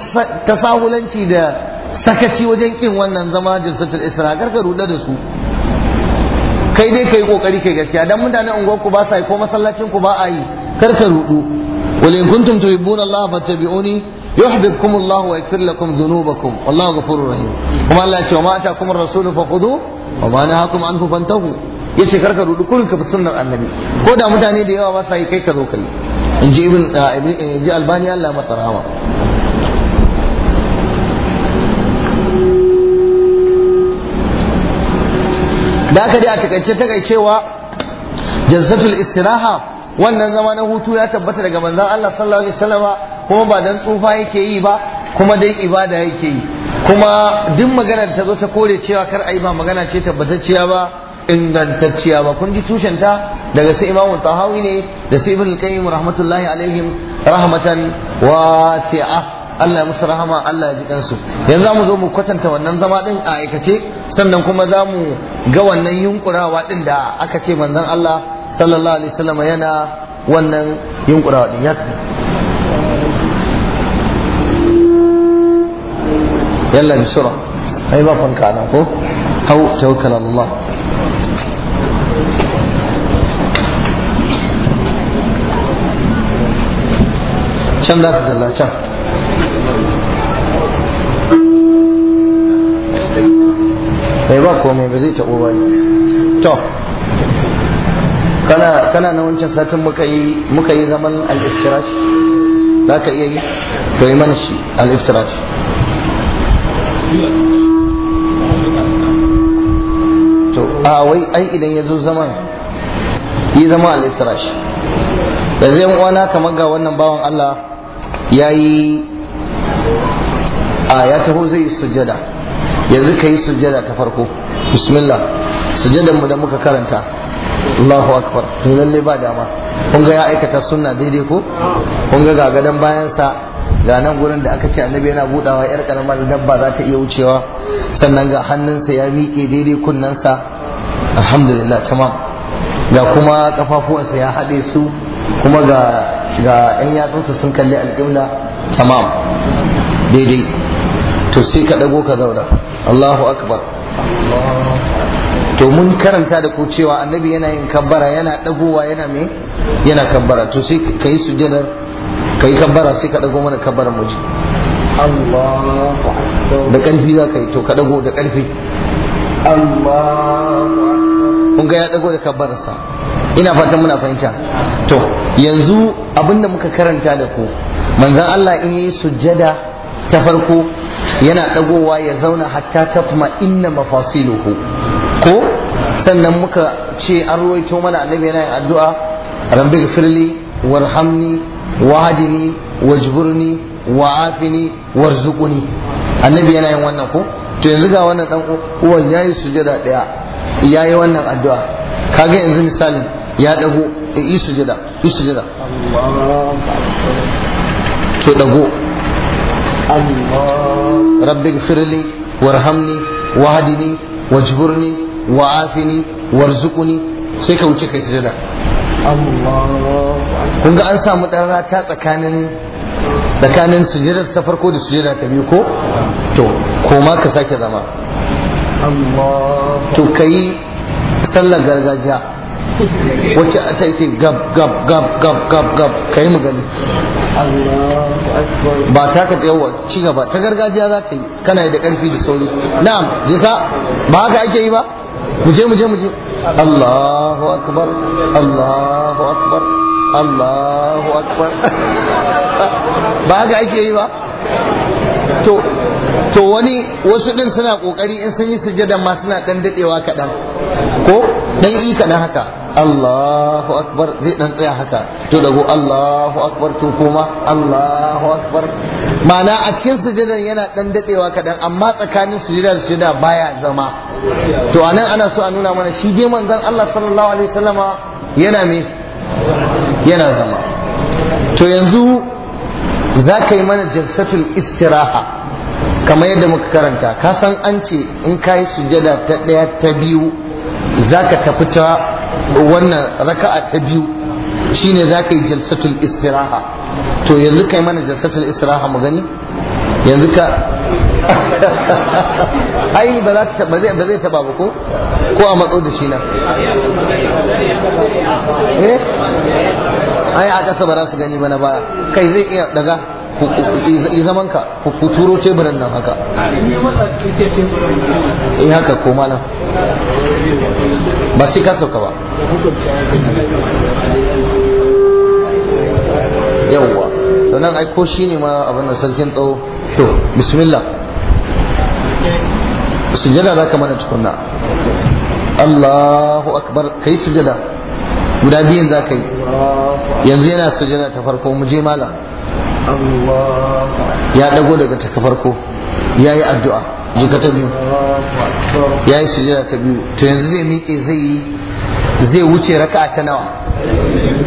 tasahulanci da sakaci wajen kin wannan zama jinsatul isra karka rudu da su kai dai kai kokari kai gaskiya dan mutanen unguwar ku ba sa yi ko masallacin ku ba a yi karka rudu wal in kuntum tuhibbuna Allah fattabi'uni yuhibbukum Allah wa yaghfir lakum dhunubakum wallahu ghafurur rahim kuma Allah ya ce wa ma atakum ar-rasul fakhudhu wa ma nahakum anhu fantahu ya ce karka rudu kurin ka fi sunnar annabi ko da mutane da yawa ba sa yi kai ka zo kai in ji ibn ah, eh, in ji albani Allah masa rahama da aka dai a takaice takaicewa jalsatul istiraha wannan zama na hutu ya tabbata daga manzon Allah sallallahu alaihi wasallama kuma ba dan tsufa yake yi ba kuma dai ibada yake yi kuma duk magana ta zo ta kore cewa kar a yi ba magana ce tabbatacciya ba ingantacciya ba kun ji tushenta daga sai imamu tahawi ne da sai ibn al-qayyim rahmatullahi alaihim rahmatan wasi'a Allah musu rahama Allah ya ji kansu yanzu zamu zo mu kwatanta wannan zama din a aikace sannan kuma zamu ga wannan yunkurawa din da aka ce manzon Allah sallallahu alaihi wasallam yana wannan yunkurawa din ya yalla bi ai ba fanka na ko hau tawakkal Allah can za ka kalla can bai ba komai ba zai taɓo ba to kana na wancan satin muka yi muka yi zaman al-iftirash za ka iya yi to yi mana shi al-iftirash to a wai ai idan ya zo zaman yi zama al-iftirash da zai uwana kamar ga wannan bawan Allah yayi a ya taho zai sujjada yanzu ka yi sujjada ta farko bismillah sujjadan mu da muka karanta Allahu akbar to lalle ba dama kun ya aikata sunna daidai ko kun ga gagadan bayansa ga nan gurin da aka ce annabi yana budawa yar karamar dabba za ta iya wucewa sannan ga hannunsa ya miƙe daidai kunnensa alhamdulillah tamam ga kuma kafafuwansa ya haɗe su kuma ga ga ɗan yatsunsa sun kalli alƙibla tamam daidai to sai ka ɗago ka zauna Allahu akbar to mun karanta da ku cewa annabi yana yin kabbara yana ɗagowa yana mai yana kabbara to sai ka yi sujjadar ka yi kabbara sai ka ɗago mana kabbaran muji da ƙarfi za ka yi to ka ɗago da ƙarfi Mun ga ya ɗago da kabbararsa ina fatan muna fahimta to yanzu abinda muka karanta da ku manzan Allah in yi sujjada ta farko yana dagowa ya zauna hatta ta kuma inna mafasiluhu ko sannan muka ce an ruwaito mana annabi yana yin addu'a rabbi gfirli warhamni wahadini wajburni wa'afini warzuquni annabi yana yin wannan ko to yanzu ga wannan dan uwan yayi sujada daya yayi wannan addu'a kaga yanzu misalin ya dago eh, yi sujada yi sujada to dago rabbi gfirli warhamni wahadini wajburni wa'afini warzuquni sai ka wuce kai sujada kun ga an samu dan rata tsakanin tsakanin sujada ta farko da sujada ta biyu ko to koma ka sake zama to kai sallar gargajiya wacce ta ce gab gab gab gab gab gab ka yi magani ba ta ka tsayawa ci gaba ta gargajiya za ka yi kana yi da ƙarfi da sauri na'am je ka ba haka ake yi ba mu je mu je mu je Allahu akbar Allahu akbar Allahu akbar ba haka ake yi ba to to wani wasu din suna kokari in sun yi sujjada ma suna dan dadewa kaɗan ko dan yi kadan haka Allahu akbar zai dan tsaya haka to go Allahu akbar to kuma Allahu akbar ma'ana a cikin sujudan yana dan dadewa kadan amma tsakanin sujuda da sujuda baya zama to anan ana so a nuna mana shi dai manzon Allah sallallahu alaihi wasallama yana me yana zama to yanzu za ka yi mana jalsatul istiraha kamar yadda muka karanta ka san an ce in ka yi sujada ta ɗaya ta biyu za ka tafi ta wannan raka'a ta biyu shine za ka yi jalsatul istiraha to yanzu kai mana jalsatul istiraha mu gani yanzu ka ai ba za ta ba zai taba ba ko ko a matso da shi nan eh ai a ƙasa ba za su gani ba na baya kai zai iya daga yi zaman ka ku turo teburin nan haka eh haka ko malam ba sai ka sauka ba yawwa to nan ai ko shine ma abin da sarkin tso to bismillah sujada za ka mana tukunna Allahu akbar kai sujada guda biyan za ka yi yanzu yana sujada ta farko mu je malam ya dago daga ta farko ya yi addu'a jika ta biyu ya yi sujada ta biyu to yanzu zai miƙe zai yi zai wuce raka ta nawa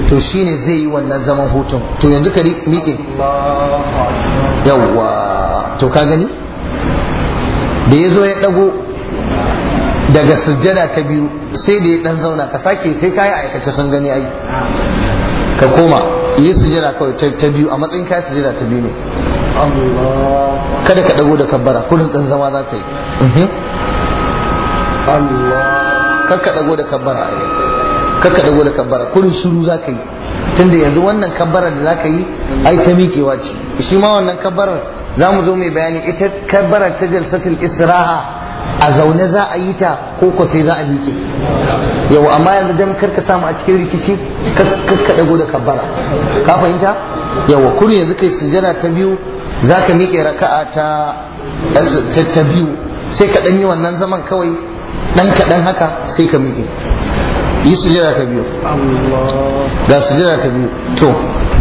to shine zai yi wannan zaman hutun to yanzu ka miƙe yawwa to ka gani da ya zo ya ɗago daga sujjada ta biyu sai da ya ɗan zauna ka sake sai ka yi aikace sun gani ai ka koma yi sujjada kawai ta biyu a matsayin ka sujjada ta biyu ne kada ka dago da kabbara kullum dan zama za ka yi mhm. kar ka dago da kabbara kar ka dago da kabbara kullum shiru za ka yi tunda yanzu wannan kabbara da za ka yi ai ta miƙewa ce shi ma wannan kabbarar za mu zo mai bayani ita kabbara ta jalsatul isra'a a zaune za a yi ta ko ko sai za a miƙe yau amma yanzu dan karka samu a cikin rikici ka dago da kabbara ka fahimta yau kuri yanzu kai sujjada ta biyu za ka miƙe raka'a ta ta biyu sai ka ɗan yi wannan zaman kawai ɗan kaɗan haka sai ka miƙe yi sujada ta biyu ga sujada ta biyu to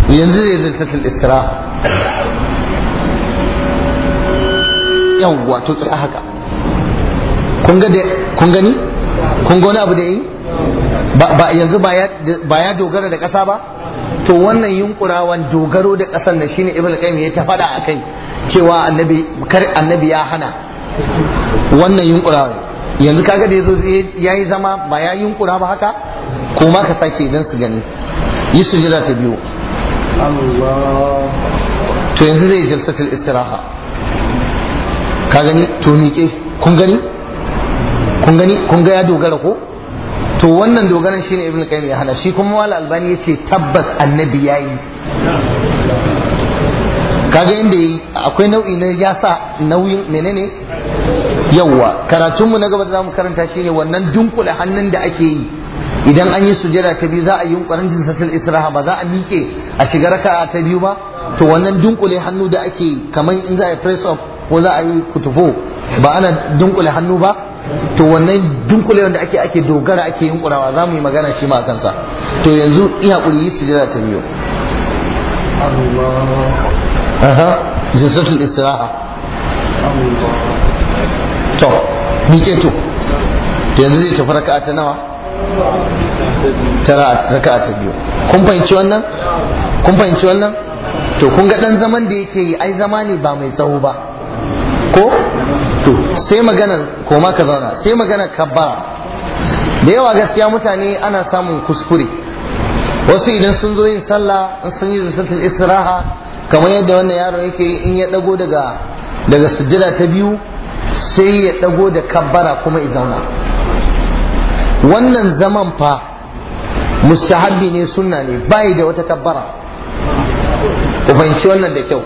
yanzu zai tattal istira yawwa to tsaya haka kun gani kun ga wani abu da yi yanzu ba ya dogara da ƙasa ba to wannan yunkurawan dogaro da ƙasar nan shine ibnu qayyim ya ta faɗa akai cewa annabi kar annabi ya hana wannan yunkurawan yanzu kaga da yazo yayi zama ba ya yunkura ba haka ko ma ka sake idan su gani yi sujada ta biyu to yanzu zai jalsatul istiraha ka gani to miƙe kun gani kun gani kun ga ya dogara ko to wannan dogaran shine ibnu qayyim ya hana shi kuma mala albani yace tabbas annabi yayi kaga inda yi akwai nau'i na ya sa nauyin menene yawa karatunmu na gaba da zamu karanta shine wannan dunkule hannun da ake yi idan an yi sujada ta biyu za a yi yunkurin sassan israha ba za a miƙe a shiga raka ta biyu ba to wannan dunkule hannu da ake kamar in za a yi press up ko za a yi kutufo ba ana dunkule hannu ba to wannan dunkule wanda ake ake dogara ake yin kurawa za mu yi magana shi ma kansa to yanzu iya kuri yi sujada ta biyu aha zazzatul istiraha to miƙe to to yanzu zai tafi raka'a ta nawa tara raka'a ta biyu kun fahimci wannan kun fahimci wannan to kun ga dan zaman da yake yi ai zama ne ba mai tsawo ba ko to sai magana koma ka zauna sai magana ka ba da yawa gaskiya mutane ana samun kuskure wasu idan sun zo yin sallah in sun yi zasatul istiraha kamar yadda wannan yaro yake yi in ya dago daga daga sujjada ta biyu sai ya dago da kabbara kuma ya zauna wannan zaman fa mustahabbi ne suna ne bai da wata kabbara ku fahimci wannan da kyau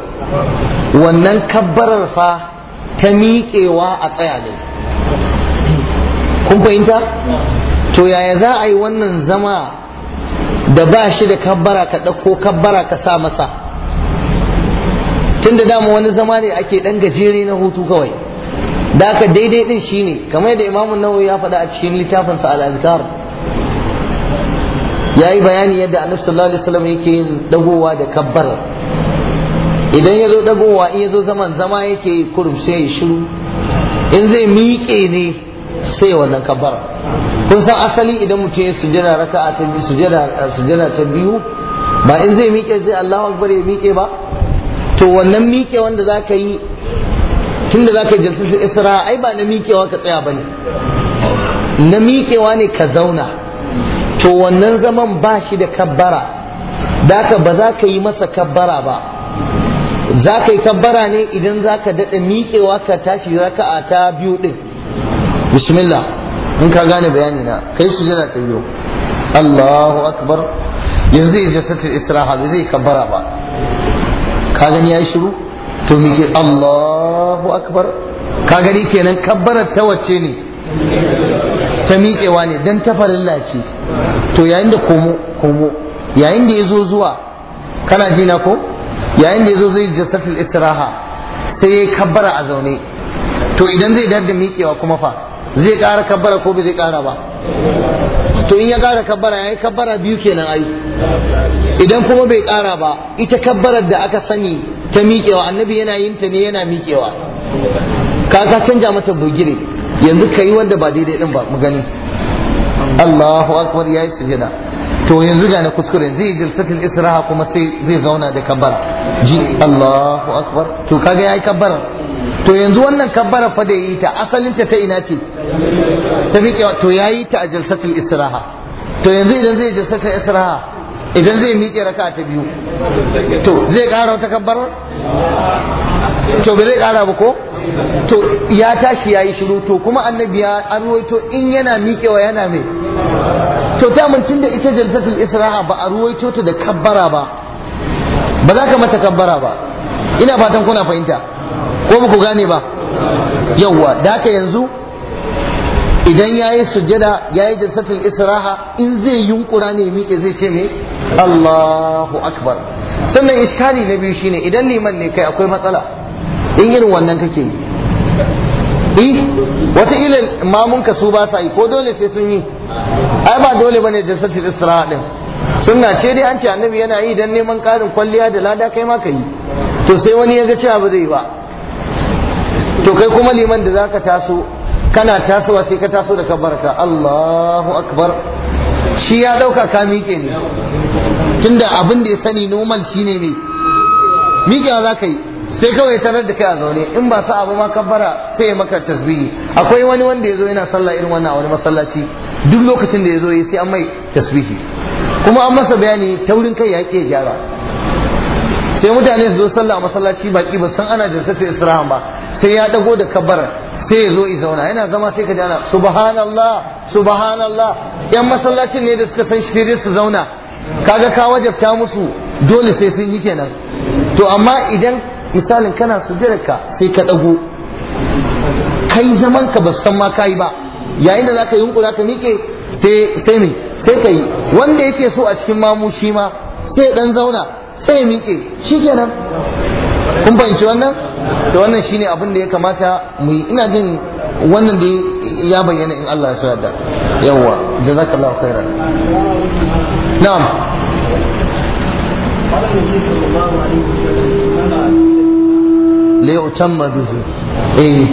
wannan kabbarar fa ta miƙewa a tsaya ne kun fahimta to yaya za a yi wannan zama da ba shi da kabbara ka ɗauko kabbara ka sa masa tun da dama wani zama ne ake ɗan gajere na hutu kawai da aka daidai ɗin shi ne kamar yadda imamun nawawi ya faɗa a cikin littafinsa al ya yi bayani yadda annabi sallallahu alaihi wasallam yake yin dagowa da kabbara idan ya zo dagowa in ya zo zaman zama yake kurum sai ya shiru in zai miƙe ne sai wannan kabar kun san asali idan mutum ya sujada raka ta biyu sujada ta biyu ba in zai miƙe zai Allahu akbar ya miƙe ba to wannan miƙe wanda za ka yi tun da za ka jalsa isra ai ba na miƙewa ka tsaya ba ne na miƙewa ne ka zauna to wannan zaman ba shi da kabbara da ka ba za ka yi masa kabbara ba za ka yi kabbara ne idan za ka daɗa miƙewa ka tashi a ta biyu ɗin bismillah in ka gane bayani na kai su jana ta biyu Allahu akbar yanzu ya jasatar istiraha bai zai kabbara ba ka gani ya yi shiru to miƙe Allahu akbar ka gani kenan kabbara ta wacce ne ta miƙewa ne don tafarilla ce to yayin da komo komo yayin da ya zo zuwa kana ji na ko yayin da yazo zai jasatul istiraha sai ya kabbara a zaune to idan zai dar da miƙewa kuma fa zai ƙara kabbara ko ba ƙara ba to in ya ƙara kabbara ya yi kabbara biyu kenan ai idan kuma bai ƙara ba ita kabbarar da aka sani ta miƙewa annabi yana yin ta ne yana miƙewa ka ka canja mata bugire yanzu ka yi wanda ba daidai din ba mu gani Allahu akbar yayi sujada to yanzu ga na kuskure zai jilsatul israha kuma sai zai zauna da kabbara ji Allahu akbar to kaga yayi kabbara to yanzu wannan kabbara fa da yi ta asalin ta ta ina ce ta miƙe to yayi ta a jilsatul israha to yanzu idan zai jilsatul israha idan zai miƙe raka ta biyu to zai ƙara wata kabbara to ba zai ƙara ba ko to ya tashi yayi shiru to kuma annabi ya arwaito in yana miƙewa yana mai to daman tunda ita jalsatul isra'a ba a ruwaito ta da kabbara ba ba za ka mata kabbara ba ina fatan kuna fahimta ko muku gane ba yawwa da haka yanzu idan ya yi sujjada ya yi jalsatul israha in zai yunkura ne miƙe zai ce me Allahu akbar sannan iskari na biyu shine idan liman ne kai akwai matsala in irin wannan kake yi eh? wata ilin mamunka su ba sa yi ko dole sai sun yi ai ba dole bane jalsatul istiraha din sunna ce dai an ce annabi yana yi dan neman karin kwalliya da lada kai ma ka yi to sai wani ya ga cewa ba zai ba to kai kuma liman da zaka taso kana tasowa sai ka taso da kabarka Allahu akbar shi ya dauka ka miƙe ne tunda abin da ya sani normal shine me miƙewa zaka yi sai kawai tanar da kai a zaune in ba sa abu ma kabbara sai ya maka tasbihi akwai wani wanda yazo yana sallah irin wannan a wani masallaci duk lokacin da yazo yi sai an mai tasbihi kuma an masa bayani taurin kai ya ke gyara sai mutane su zo sallah a masallaci baki ba san ana da sata istirahan ba sai ya dago da kabbara sai ya zo ya zauna yana zama sai ka ji ana subhanallah subhanallah yan masallacin ne da suka san shi sai su zauna kaga ka wajabta musu dole sai sun yi kenan to amma idan misalin kana ka, sai ka dago kai zaman ka san ma kai ba yayin da zaka za ka mike sai sai me sai kai wanda yake so a cikin mamu shi ma sai dan zauna sai mike shikenan kun fahimci wannan to wannan shine abin da ya kamata mu yi ina jin wannan da ya bayyana in Allah ya so yadda jazakallahu khairan na'am la yutamma bihi eh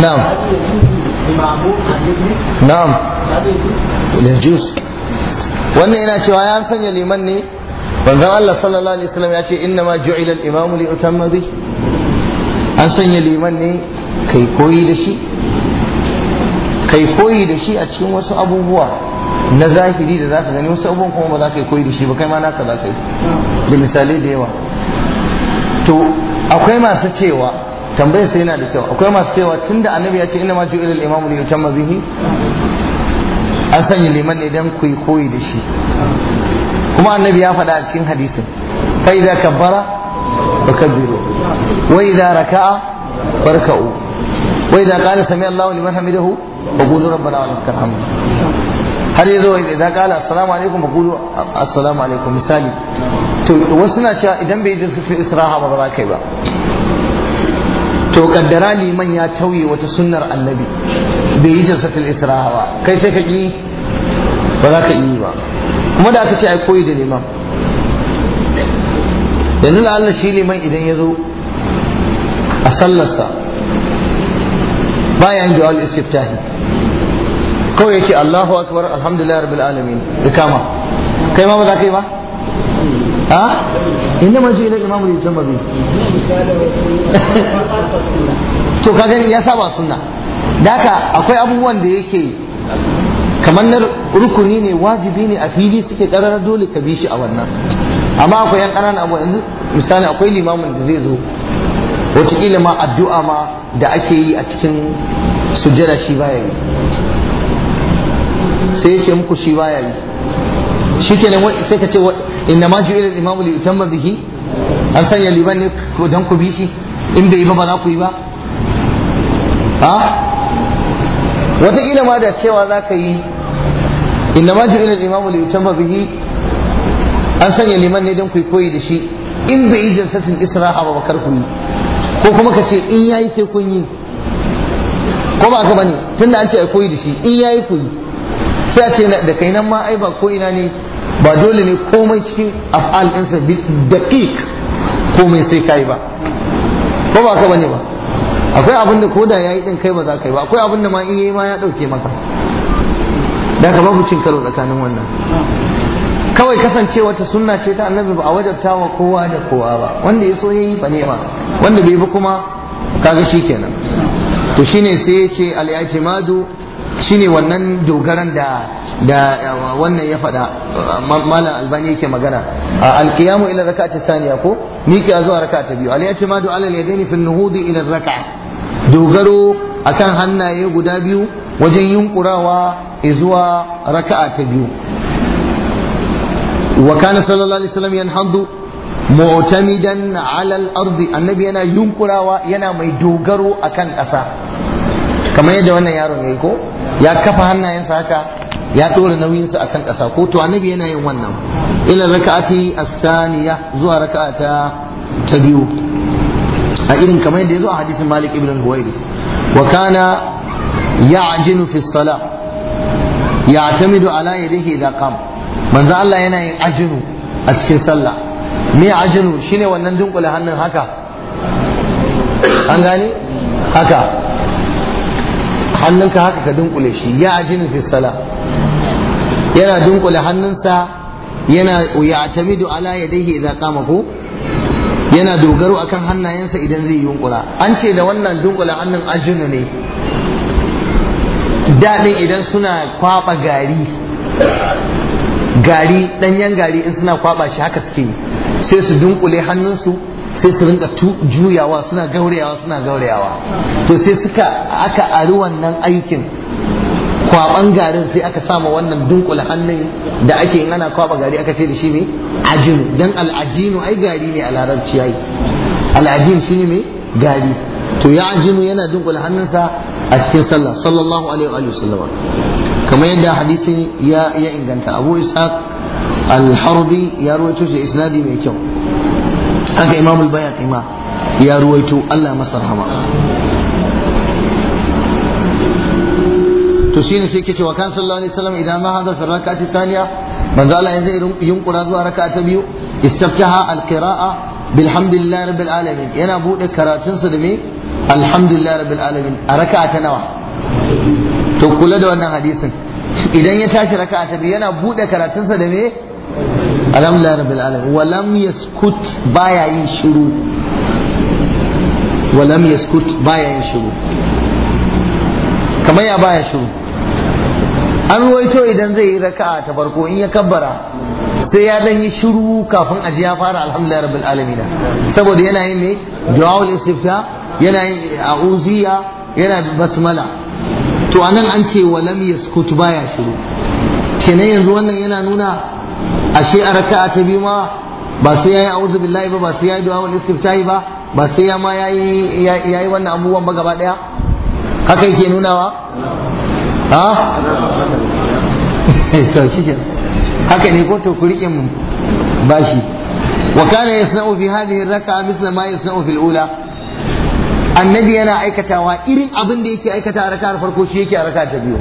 na'am na'am yajuz wannan yana cewa ya sanya liman ne banzan Allah sallallahu alaihi wasallam ya ce inna ma ju'ila al-imam li yutamma bi? an sanya liman ne kai koyi da shi kai koyi da shi a cikin wasu abubuwa na zahiri da za ka gani wasu abubuwan kuma ba za ka yi koyi da shi ba kai ma naka za ka yi da misalai da yawa to akwai masu cewa tambayar sai yana da cewa akwai masu cewa da annabi ya ce inda ma ju'ila ilil imamu ya yutamma mazihi an sanya liman ne idan ku yi koyi da shi kuma annabi ya faɗa a cikin hadisin fa idza kabbara fakabbiru Wai idza raka'a Wai wa ka qala sami Allahu liman hamidahu ba gudu rabbana wa lakal hamd har yazo idan ala assalamu alaikum ba kudu assalamu alaikum misali to wasu na cewa idan bai jin sufin israha ba ba za ka yi ba to kaddara liman ya tauye wata sunnar annabi bai yi jinsatul israha ba kai sai ka yi ba za ka yi ba kuma da aka ce ai koyi da liman yanzu da Allah shi liman idan ya zo a sallarsa bayan jawal istiftahi kawai yake Allahu akbar alhamdulillah rabbil alamin da kama kai ma ba za ka yi ba ha inda mace ila imam ne to ka gani ya saba sunna daka akwai abubuwan da yake kamar na rukuni ne wajibi ne a fili suke karara dole ka bi shi a wannan amma akwai yan ƙananan abu yanzu misali akwai limamin da zai zo wataƙila ma addu'a ma da ake yi a cikin sujjada shi baya yi sai ya ce muku shi baya yi nan sai ka ce inda ma ju'ila imamu li yutamma bihi an sanya liman ne dan ku bi shi in bai yi ba ba za ku yi ba ha wataƙila ma da cewa za ka yi inda ma ju'ila imamu li yutamma bihi an sanya liman ne dan ku koyi da shi in bai yi jalsatin isra'a ba bakar ku yi ko kuma ka ce in yayi sai kun yi ko ba ka bane tunda an ce ai koyi da shi in yayi ku yi sai a ce da kai nan ma ai ba ko ina ne ba dole ne komai cikin af'al ɗinsa daqiq komai sai kai ba ko ba ka bane ba akwai abin da koda yayi din kai ba za ka ba akwai abin da ma in yayi ma ya dauke maka da ka babu cin karo tsakanin wannan kawai kasance wata sunna ce ta annabi ba a wajabta wa kowa da kowa ba wanda ya so yayi ne ba wanda bai bi kuma kaga shikenan to shine sai ya ce al-i'timadu shine wannan dogaran da da wannan ya faɗa malam albani yake magana Alkiyamu ila rak'ati saniya ko ke zuwa rak'a ta biyu ce ma ala yadaini fi nuhudi ila rak'a dogaro akan hannaye guda biyu wajen yunkurawa zuwa rak'a ta biyu wa kana sallallahu alaihi wasallam yanhadu mu'tamidan ala al-ardi annabi yana yunkurawa yana mai dogaro akan ƙasa kamar yadda wannan yaron ya yi ko ya kafa hannayensa haka ya ɗora nauyinsa akan ƙasa ko to annabi yana yin wannan ila raka'ati as-saniya zuwa raka'ata ta biyu a irin kamar yadda ya zo a hadisin Malik ibn Huwairis wa kana ya'jinu fi as-salah ya'tamidu ala yadihi idha qam manzo Allah yana yin ajinu a cikin sallah me ajinu shine wannan dunkule hannun haka an gane haka hannunka haka ka dunkule shi ya ajinu yana dunkule hannunsa yana ya da ala yadayhi idan kama ko yana dogaro akan hannayensa idan zai yunkura an ce da wannan dunkule hannun ajinu ne daɗin idan suna kwaɓa gari gari ɗanyen gari in suna kwaɓa shi haka suke sai su dunkule hannunsu sai su rinka juyawa suna gaurayawa suna gaurayawa to sai suka aka ari wannan aikin kwaban garin sai aka sama wannan dunkula hannun da ake yin ana kwaba gari aka ce da shi ne ajinu dan al'ajinu ai gari ne a larabci yayi al'ajin ne me gari to ya ajinu yana dunkula hannunsa a cikin sallah sallallahu alaihi wa sallam kamar yadda hadisin ya inganta abu ishaq al-harbi ya rawaito shi isnadi mai kyau haka imam al-bayhaqi ma ya ruwaito Allah masa rahama to shine sai yake wa kan sallallahu alaihi wasallam idan ma hada fi rak'ati thaniya manzo Allah yanzu yunkura zuwa raka'a ta biyu istaftaha al-qira'a bilhamdulillahi rabbil alamin yana bude sa da me alhamdulillah rabbil alamin a raka'a ta nawa to kula da wannan hadisin idan ya tashi raka'a ta biyu yana bude sa da me alhamdulillah rabbil alamin wa lam yaskut baya yin shiru wa lam yaskut baya yin shiru kamar ya baya shiru an ruwaito idan zai yi raka'a ta farko in ya kabbara sai ya dan yi shiru kafin aji ya fara alhamdulillah rabbil alamin saboda yana yin me du'a istifta yana yin a'uziya yana basmala to anan an ce wa lam yaskut baya shiru kenan yanzu wannan yana nuna ashe a raka'a ta biyu ma ba sai yayi a'udhu billahi ba ba sai yayi du'a wal istiftahi ba ba sai ya ma yayi yayi wannan abubuwan ba gaba daya haka yake nunawa ha to shike haka ne ko to ku rike mu bashi wa kana yasna'u fi hadhihi raka'a misla ma yasna'u fil ula annabi yana aikatawa irin abin da yake aikata a raka'ar farko shi yake a raka'a ta biyu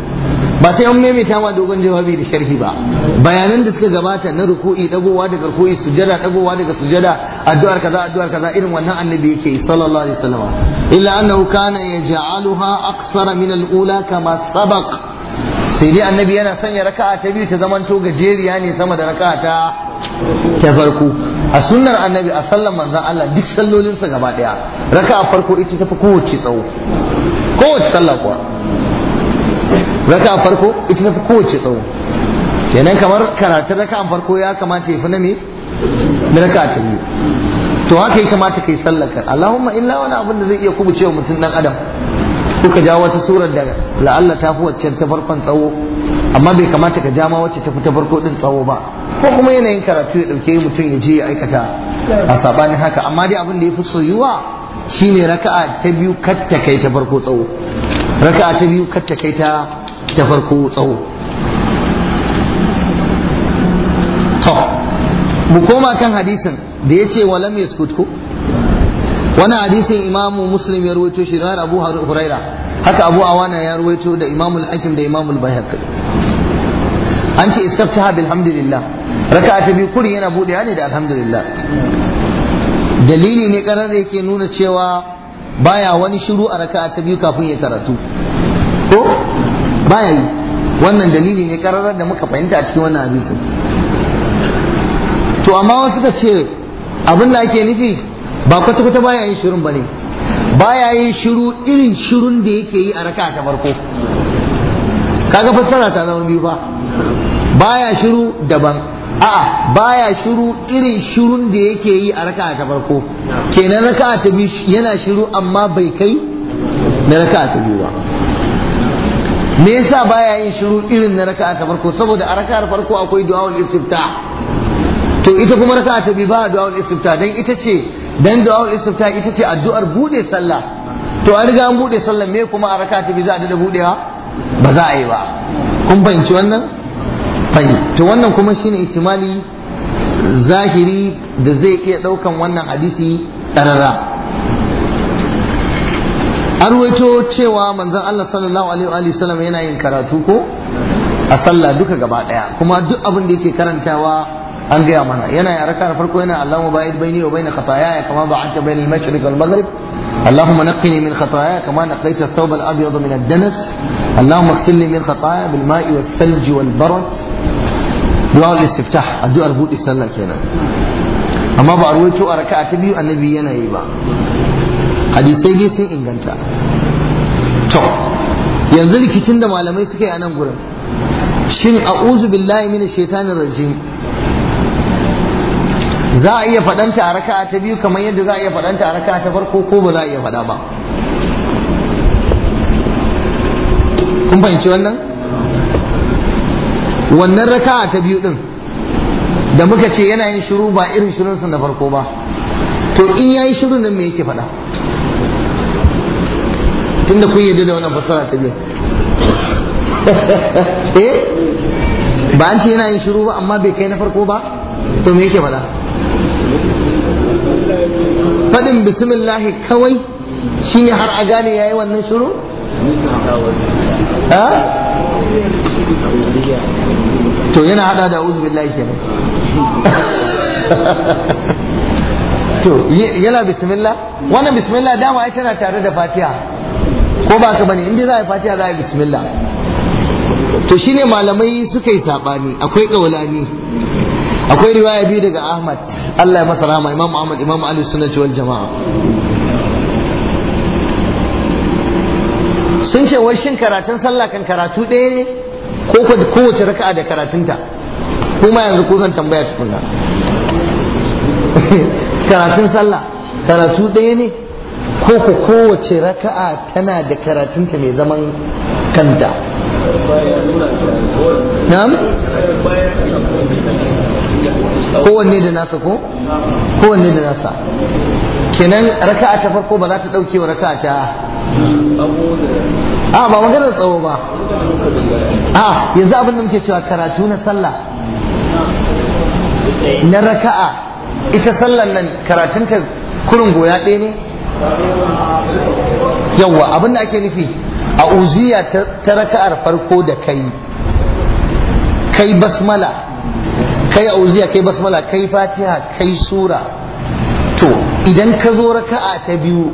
ba sai an maimaita ma dogon jawabi da sharhi ba bayanan da suka gabata na ruku'i dagowa daga ruku'i sujada dagowa daga sujada addu'ar kaza addu'ar kaza irin wannan annabi yake yi sallallahu alaihi wasallam illa annahu kana yaj'aluha aqsara min al-ula kama sabaq sai dai annabi yana sanya raka'a ta biyu ta zamanto gajeriya ne sama da raka'a ta ta farko a sunnar annabi a sallan manzon Allah duk sallolinsa gaba daya raka'a farko ita ta fi kowace tsawo kowace sallah kuwa raka farko ita tafi kowace tsawo kenan kamar karatun raka farko ya kamata ya fi na me na raka ta biyu to haka ya kamata kai sallaka Allahumma illa wani abin da zai iya cewa mutum dan adam kuka ja wata surar da la'alla ta fi wacce ta farkon tsawo amma bai kamata ka ja ma wacce ta fi ta farko din tsawo ba ko kuma yanayin karatu ya dauke mutum ya je ya aikata a sabanin haka amma dai abin da ya fi soyuwa shine raka'a ta biyu kar ta kai ta farko tsawo raka'a ta biyu kar ta kai ta ta farko tsawo to mu koma kan hadisin da ya ce walam ya ko wani hadisin imamu muslim ya ruwaito shi da abu huraira haka abu awana ya ruwaito da imamul hakim da imamul bayhaqi an ce istaftaha bilhamdulillah raka'a ta biyu kuri yana bude ne da alhamdulillah dalili ne karar da yake nuna cewa baya wani shiru a raka'a ta biyu kafin ya karatu ko baya yi wannan dalili ne kararar da muka fahimta a cikin wannan hadisin to amma wasu ka ce abin da ake nufi ba kwata kwata baya yin shirin ne baya yin shiru irin shirun da yake yi a raka ta farko kaga fassara ta zama biyu ba baya shiru daban a'a baya shiru irin shirun da yake yi a raka ta farko kenan raka ta biyu yana shiru amma bai kai na raka ta biyu ba me yasa baya yin shiru irin na raka'a ta farko saboda a ta farko akwai du'aul istifta to ita kuma raka'a ta biyu ba du'aul istifta dan ita ce dan du'aul istifta ita ce addu'ar bude sallah to an riga an bude sallah me kuma a raka'a ta biyu za a da budewa ba za a yi ba kun fahimci wannan fahimci to wannan kuma shine ihtimali zahiri da zai iya daukan wannan hadisi ɗarara an ruwaito cewa manzon Allah sallallahu alaihi wa sallam yana yin karatu ko a sallah duka gaba daya kuma duk abin da yake karantawa an gaya mana yana ya raka farko yana Allahumma ba'id baini wa baina khataaya kama ba'adta baina al-mashriq wal maghrib اللهم نقني من خطاياي كما نقيت الثوب الابيض min الدنس bil ma'i من خطاياي wal والثلج والبرد دعاء a الدعاء buɗe sallar kenan amma ba a ruwaito a raka'a ta biyu annabi yana yi ba hadisai dai sun inganta to yanzu rikicin da malamai suka yi a nan gurin shin a'udhu billahi minash shaitanir rajim za a iya faɗanta a raka'a ta biyu kamar yadda za a iya faɗanta a raka'a ta farko ko ba za a iya faɗa ba kun fahimci wannan wannan raka'a ta biyu din da muka ce yana yin shiru ba irin shirinsa na farko ba to in yayi shirin nan me yake faɗa tunda kun yadda da wannan fasara ta biyu eh ba an ce yana yin shiru ba amma bai kai na farko ba to me yake fada faɗin bismillahi kawai shine har a gane yayi wannan shiru ha to yana hada da uzu billahi kenan to yana bismillah wannan bismillah dama ai tana tare da fatiha ko ba ka bane inda za a yi fatiha za a yi bismillah to shine malamai suka yi sabani akwai kaulani akwai riwaya biyu daga Ahmad Allah ya masa rahama Imam Ahmad Imam Ali suna wal jama'a sun ce wai shin karatun sallah kan karatu ɗaya ne ko kowace raka'a da karatunta kuma yanzu ku zan tambaya tukuna karatun sallah karatu ɗaya ne ko ku kowace raka'a tana da karatunta mai zaman kanta na'am kowanne da nasa ko kowanne da nasa kenan raka'a ta farko ba za ta dauke wa raka'a ta a ba maganar tsawo ba a yanzu abin da muke cewa karatu na sallah na raka'a ita sallan nan karatunta kurin goya ɗaya ne yawwa abin da ake nufi a uziya ta raka'ar farko da kai kai basmala kai a uziya kai basmala kai fatiha kai sura to idan ka zo raka'a ta biyu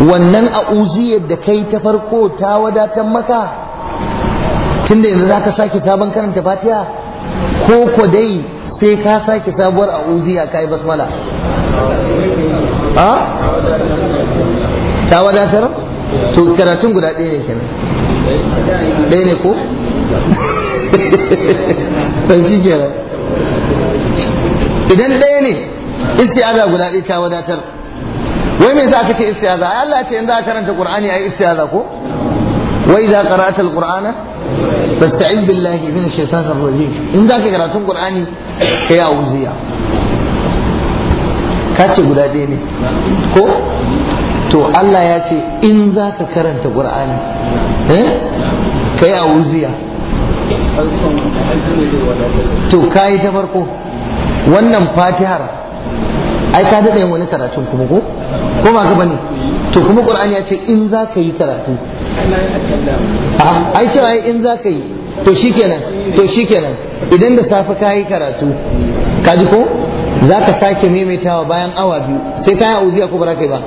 wannan a uziyar da kai ta farko ta wadatar maka tunda yanzu za ka sake sabon karanta fatiha ko ko sai ka sake sabuwar a uziya kai basmala a ta wadatar to karatun guda ɗaya ne kenan ɗaya ne ko ban shi kenan idan ɗaya ne istiaza guda ɗaya ta wadatar wai me yasa aka ce istiaza ai Allah ya ce in za ka karanta Qur'ani ai istiaza ko wa idza qara'ta al-Qur'ana fasta'in billahi minash shaitanir rajim in za ka karatun Qur'ani kai auziya ka ce guda ɗaya ne ko to Allah ya ce in za ka karanta ƙur'ani eh, ka yi a wuziya to ka yi ta farko wannan fatihar ai ka daɗa yin wani karatun kuma ko ko ba ka bane to kuma ƙur'ani ya ce in za ka yi karatu ah, ai ai in za ka yi to shikenan to shikenan idan da safe ka yi karatu ka ji ko za ka sake maimaitawa bayan awa biyu sai ka yi auziya ko ba kai ba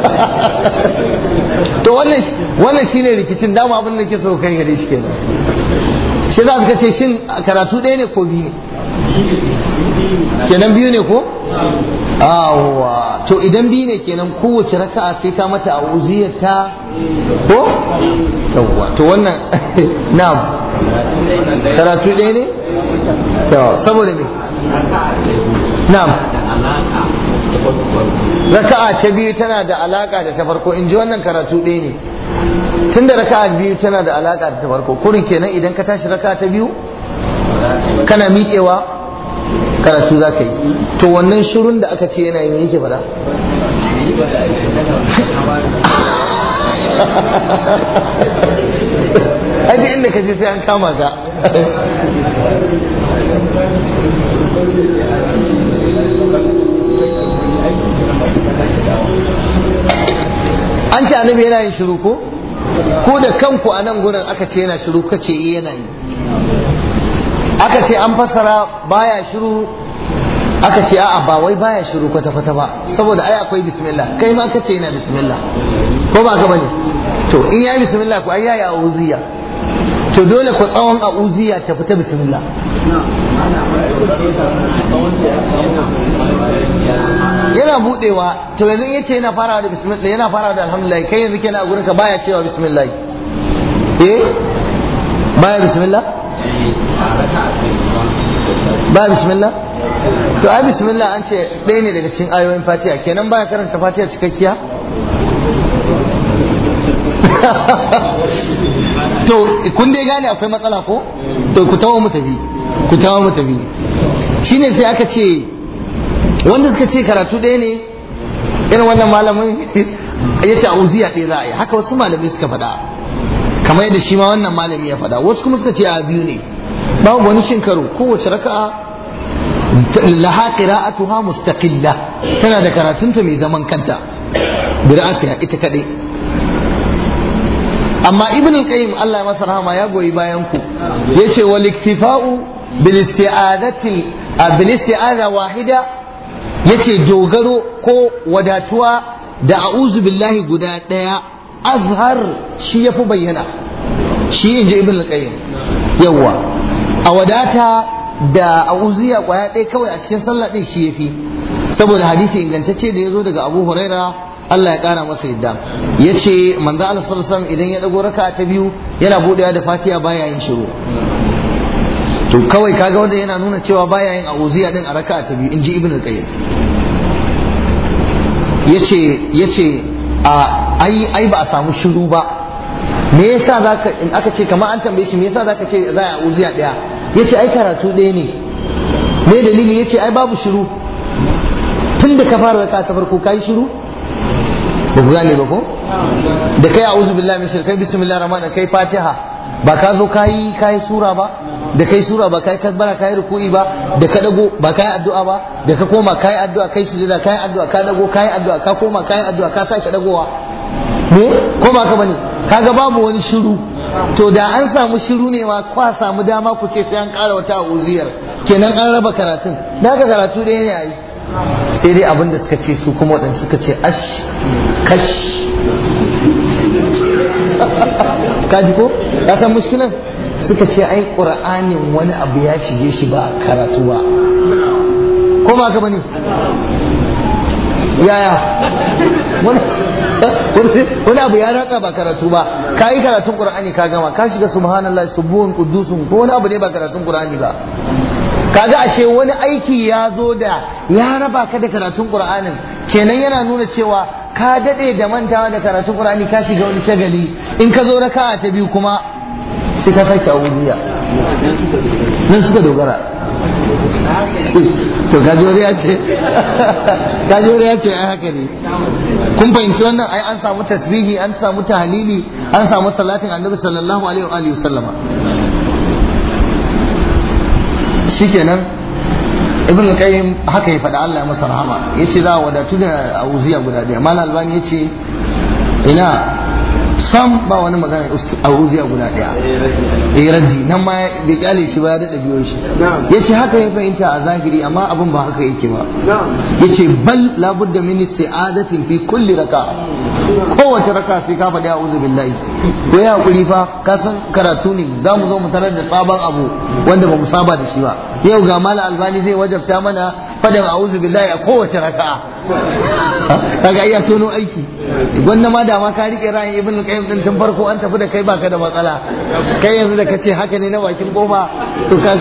to wannan shi shine rikicin dama abin da ke so kai gari shi kenan shi za ka ce shin karatu ɗaya ne ko biyu ne kenan biyu ne ko awa to idan biyu ne kenan kowace raka'a sai ka mata auziyar ta ko to wannan na karatu ɗaya ne to saboda me na'am raka'a ta biyu tana da alaka da ta farko in ji wannan karatu ɗaya ne tunda raka'a biyu tana da alaka da ta farko kurin kenan idan ka tashi raka'a ta biyu kana miƙewa karatu za ka yi to wannan shirun da aka ce yana yi yake fada aji inda ka je sai an kama ta an ce annabi yana yin shiru ko ko da kanku a nan gurin aka ce yana shiru ka ce eh yana yi aka ce an fassara baya shiru aka ce a'a ba wai baya shiru kwata-kwata ba saboda ai akwai bismillah kai ma ka ce yana bismillah ko ba ka bane to in ya yi bismillah ko ai ya yi wuziya to dole ku tsawon uziya ta fita bismillah yana budewa to yanzu yace yana fara da bismillah yana fara da alhamdulillah kai yanzu kenan gurin ka baya cewa bismillah eh baya bismillah ba bismillah to ai bismillah an ce ɗaya ne daga cikin ayoyin fatiha kenan baya karanta fatiha cikakkiya to kun dai gane akwai matsala ko to ku tawo mu tafi ku tawo mu tafi shine sai aka ce wanda suka ce karatu ɗaya ne irin wannan malamin ya ce auziya ɗaya za a yi haka wasu malami suka faɗa kamar yadda shi ma wannan malami ya faɗa wasu kuma suka ce a biyu ne babu wani shin karo kowace raka'a laha qira'atuha mustaqilla tana da karatunta mai zaman kanta bir'asiha ita kadai amma ibn al-qayyim Allah ya masa rahama ya goyi bayan ku yace wal iktifa'u bil isti'adati bil isti'ada wahida yace dogaro ko wadatuwa da a'uzu billahi guda daya azhar shi yafi bayyana shi inji ibn al-qayyim yawa a wadata da a'uziya kwaya ɗaya kawai a cikin sallah din shi yafi saboda hadisi ingantacce da ya zo daga abu huraira Allah ya kara masa yadda yace manzo Allah sallallahu alaihi idan ya dago raka ta biyu yana buɗewa da Fatiha baya yin shiru to kawai kaga wanda yana nuna cewa baya yin auziya din a raka ta biyu inji ibnu qayyim yace yace a ai ai ba a samu shiru ba me yasa zaka in aka ce kamar an tambaye shi me yasa zaka ce za a auziya daya yace ai karatu ɗaya ne me dalili yace ai babu shiru tun da ka fara raka ta farko kai shiru ba ku gane ba ko da kai a'udhu billahi min shirkai bismillahir rahmanir kai fatiha ba ka zo kai kai sura ba da kai sura ba kai kasbara kai ruku'i ba da ka dago ba kai addu'a ba da ka koma kai addu'a kai sujada kai addu'a ka dago kai addu'a ka koma kai addu'a ka sake dagowa ne ko ba ka bane kaga babu wani shiru to da an samu shiru ne ma kwa samu dama ku ce sai an ƙara wata uziyar kenan an raba karatun da ka karatu ɗaya ne a yi sai dai abinda suka ce su kuma waɗanda suka ce ash kash kaji ko ya san mushkilan suka ce ai ƙura'anin wani abu ya shige shi ba karatu ba ko ba ka bane yaya wani abu ya raka ba karatu ba ka yi karatun ƙura'ani ka gama ka shiga subhanallah subuhun kudusun ko wani abu ne ba karatun ƙura'ani ba kaga ashe wani aiki ya zo da ya raba ka da karatun qur'anin kenan yana nuna cewa ka dade da mantawa da karatun qur'ani ka shiga wani shagali in ka zo raka'a ta biyu kuma sai ka sake awudiya nan suka dogara to gajori ya ce gajori ya ce ai haka ne kun fahimci wannan ai an samu tasbihi an samu tahlili an samu salatin annabi sallallahu alaihi wa alihi wasallama shikenan ibn al-qayyim haka ya faɗa Allah ya masa rahama yace za a wadatu da auziya guda ɗaya mal albani yace ina sam ba wani magana a a guda daya eh raji nan ma bai kyale shi ba ya dada biyo shi Ya ce haka ya fahimta a zahiri amma abin ba haka yake ba Ya yace bal labudda min isti'adatin fi kulli raka kowace raka sai ka faɗi uzu billahi ko ya hakuri fa ka san karatu ne za mu zo mu tarar da sabon abu wanda ba mu saba da shi ba yau ga mala albani zai wajabta mana fadin a'udhu billahi a kowace raka. kaga iya tono aiki gwanda ma dama ka rike ra'ayin ibn al-qayyim din tun farko an tafi da kai baka da matsala kai yanzu da kace haka ne na bakin goma to ka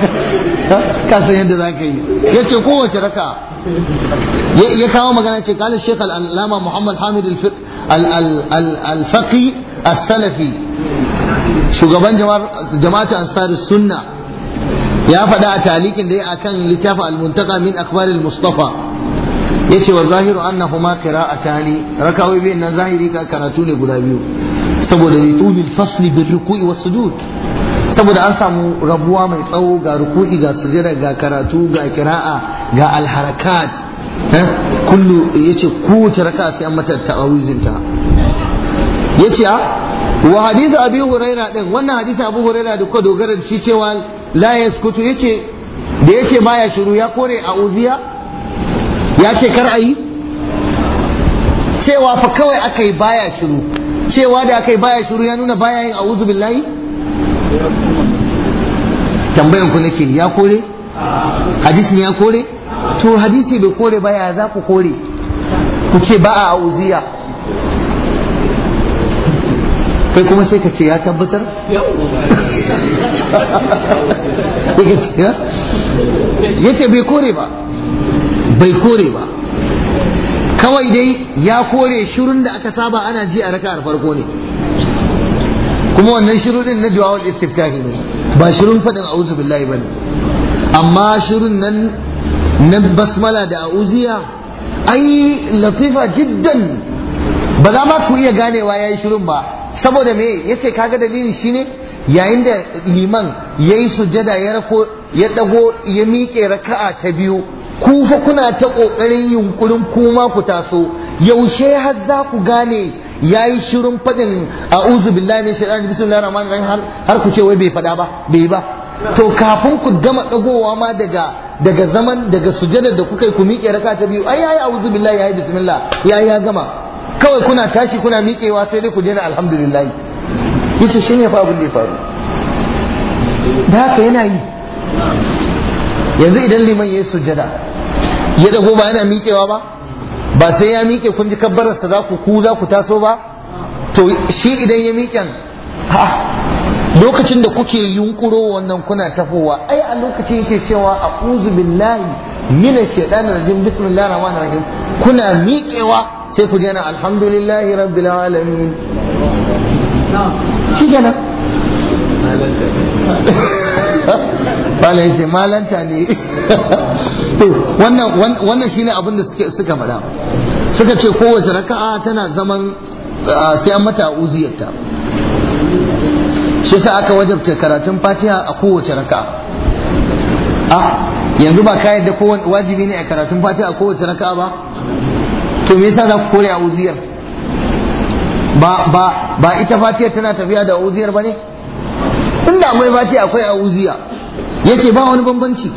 ka san yadda zaka yi yace kowace raka. ya kawo magana ce kala shekh al-allama muhammad hamid al-faqi as-salafi shugaban jama'atu ansar sunna ya faɗa a talikin da ya akan littafin al-muntaka min akbar al-mustafa yace wa zahiru annahuma qira'atani rakawi bin nan zahiri ka karatu ne guda biyu saboda li tubil fasli bir ruku'i was sujud saboda an samu rabuwa mai tsawo ga ruku'i ga sujada ga karatu ga kira'a ga alharakat eh? kullu yace kowace raka'a sai an mata ta'awizinta yace ah, wa hadisi abi huraira ɗin. wannan hadisi abu huraira da kuka dogara shi cewa la ya ce da yace ya shiru ya kore a uziya ya ce kar a yi? cewa fa kawai aka yi baya shiru cewa da aka yi baya shiru ya nuna baya yin a'udhu billahi tambayan ku nake ya kore hadisin ya kore to hadisi bai kore baya za ku kore ku ce ba a uziya. kai kuma sai ka ce ya tabbatar ya ce bai kore ba bai kore ba kawai dai ya kore shirun da aka saba ana ji a raka'ar farko ne kuma wannan shirin din na duwawar istiftahi ne ba shirin faɗin a'udhu billahi ba ne amma shirin nan na basmala da a'uziya ai lafifa jiddan ba za ma ku iya ganewa ya yi shirun ba saboda me yace kaga dalili shine yayin da liman yayi sujada ya rako ya dago ya miƙe raka'a ta biyu ku fa kuna ta kokarin yunkurin kuma ku taso yaushe har za ku gane yayi shirin fadin a'udhu billahi min shaitanir bismillahir rahmanir rahim har ku ce wai bai faɗa ba bai ba to kafin ku gama dagowa ma daga daga zaman daga sujada da kuka yi ku miƙe raka'a ta biyu ai ai a'udhu billahi ya bismillah ya ya gama kawai kuna tashi kuna miƙewa sai dai ku daina alhamdulillah yace shine fa abin da ya faru da haka yana yi yanzu idan liman ya sujada ya dago ba yana miƙewa ba ba sai ya miƙe kun ji kabbararsa za ku ku za ku taso ba to shi idan ya miƙen ha lokacin da kuke yunkuro wannan kuna tafowa ai a lokacin yake cewa a'udhu billahi minash shaitanir rajim bismillahir rahmanir rahim kuna miƙewa sai ku jana alhamdulillahi rabbil alamin shi kenan bala ce malanta ne to wannan shine abin da suka faɗa suka ce kowace raka'a tana zaman sai an mata uziyarta shi sa aka wajabta karatun fatiha a kowace raka'a a yanzu ba ka yadda wajibi ne a karatun fatiha a kowace raka'a ba to me yasa za ku kore a wuziyar? ba ba ba ita fatiyar tana tafiya da uziyar bane inda akwai fatiya akwai a yace ba wani bambanci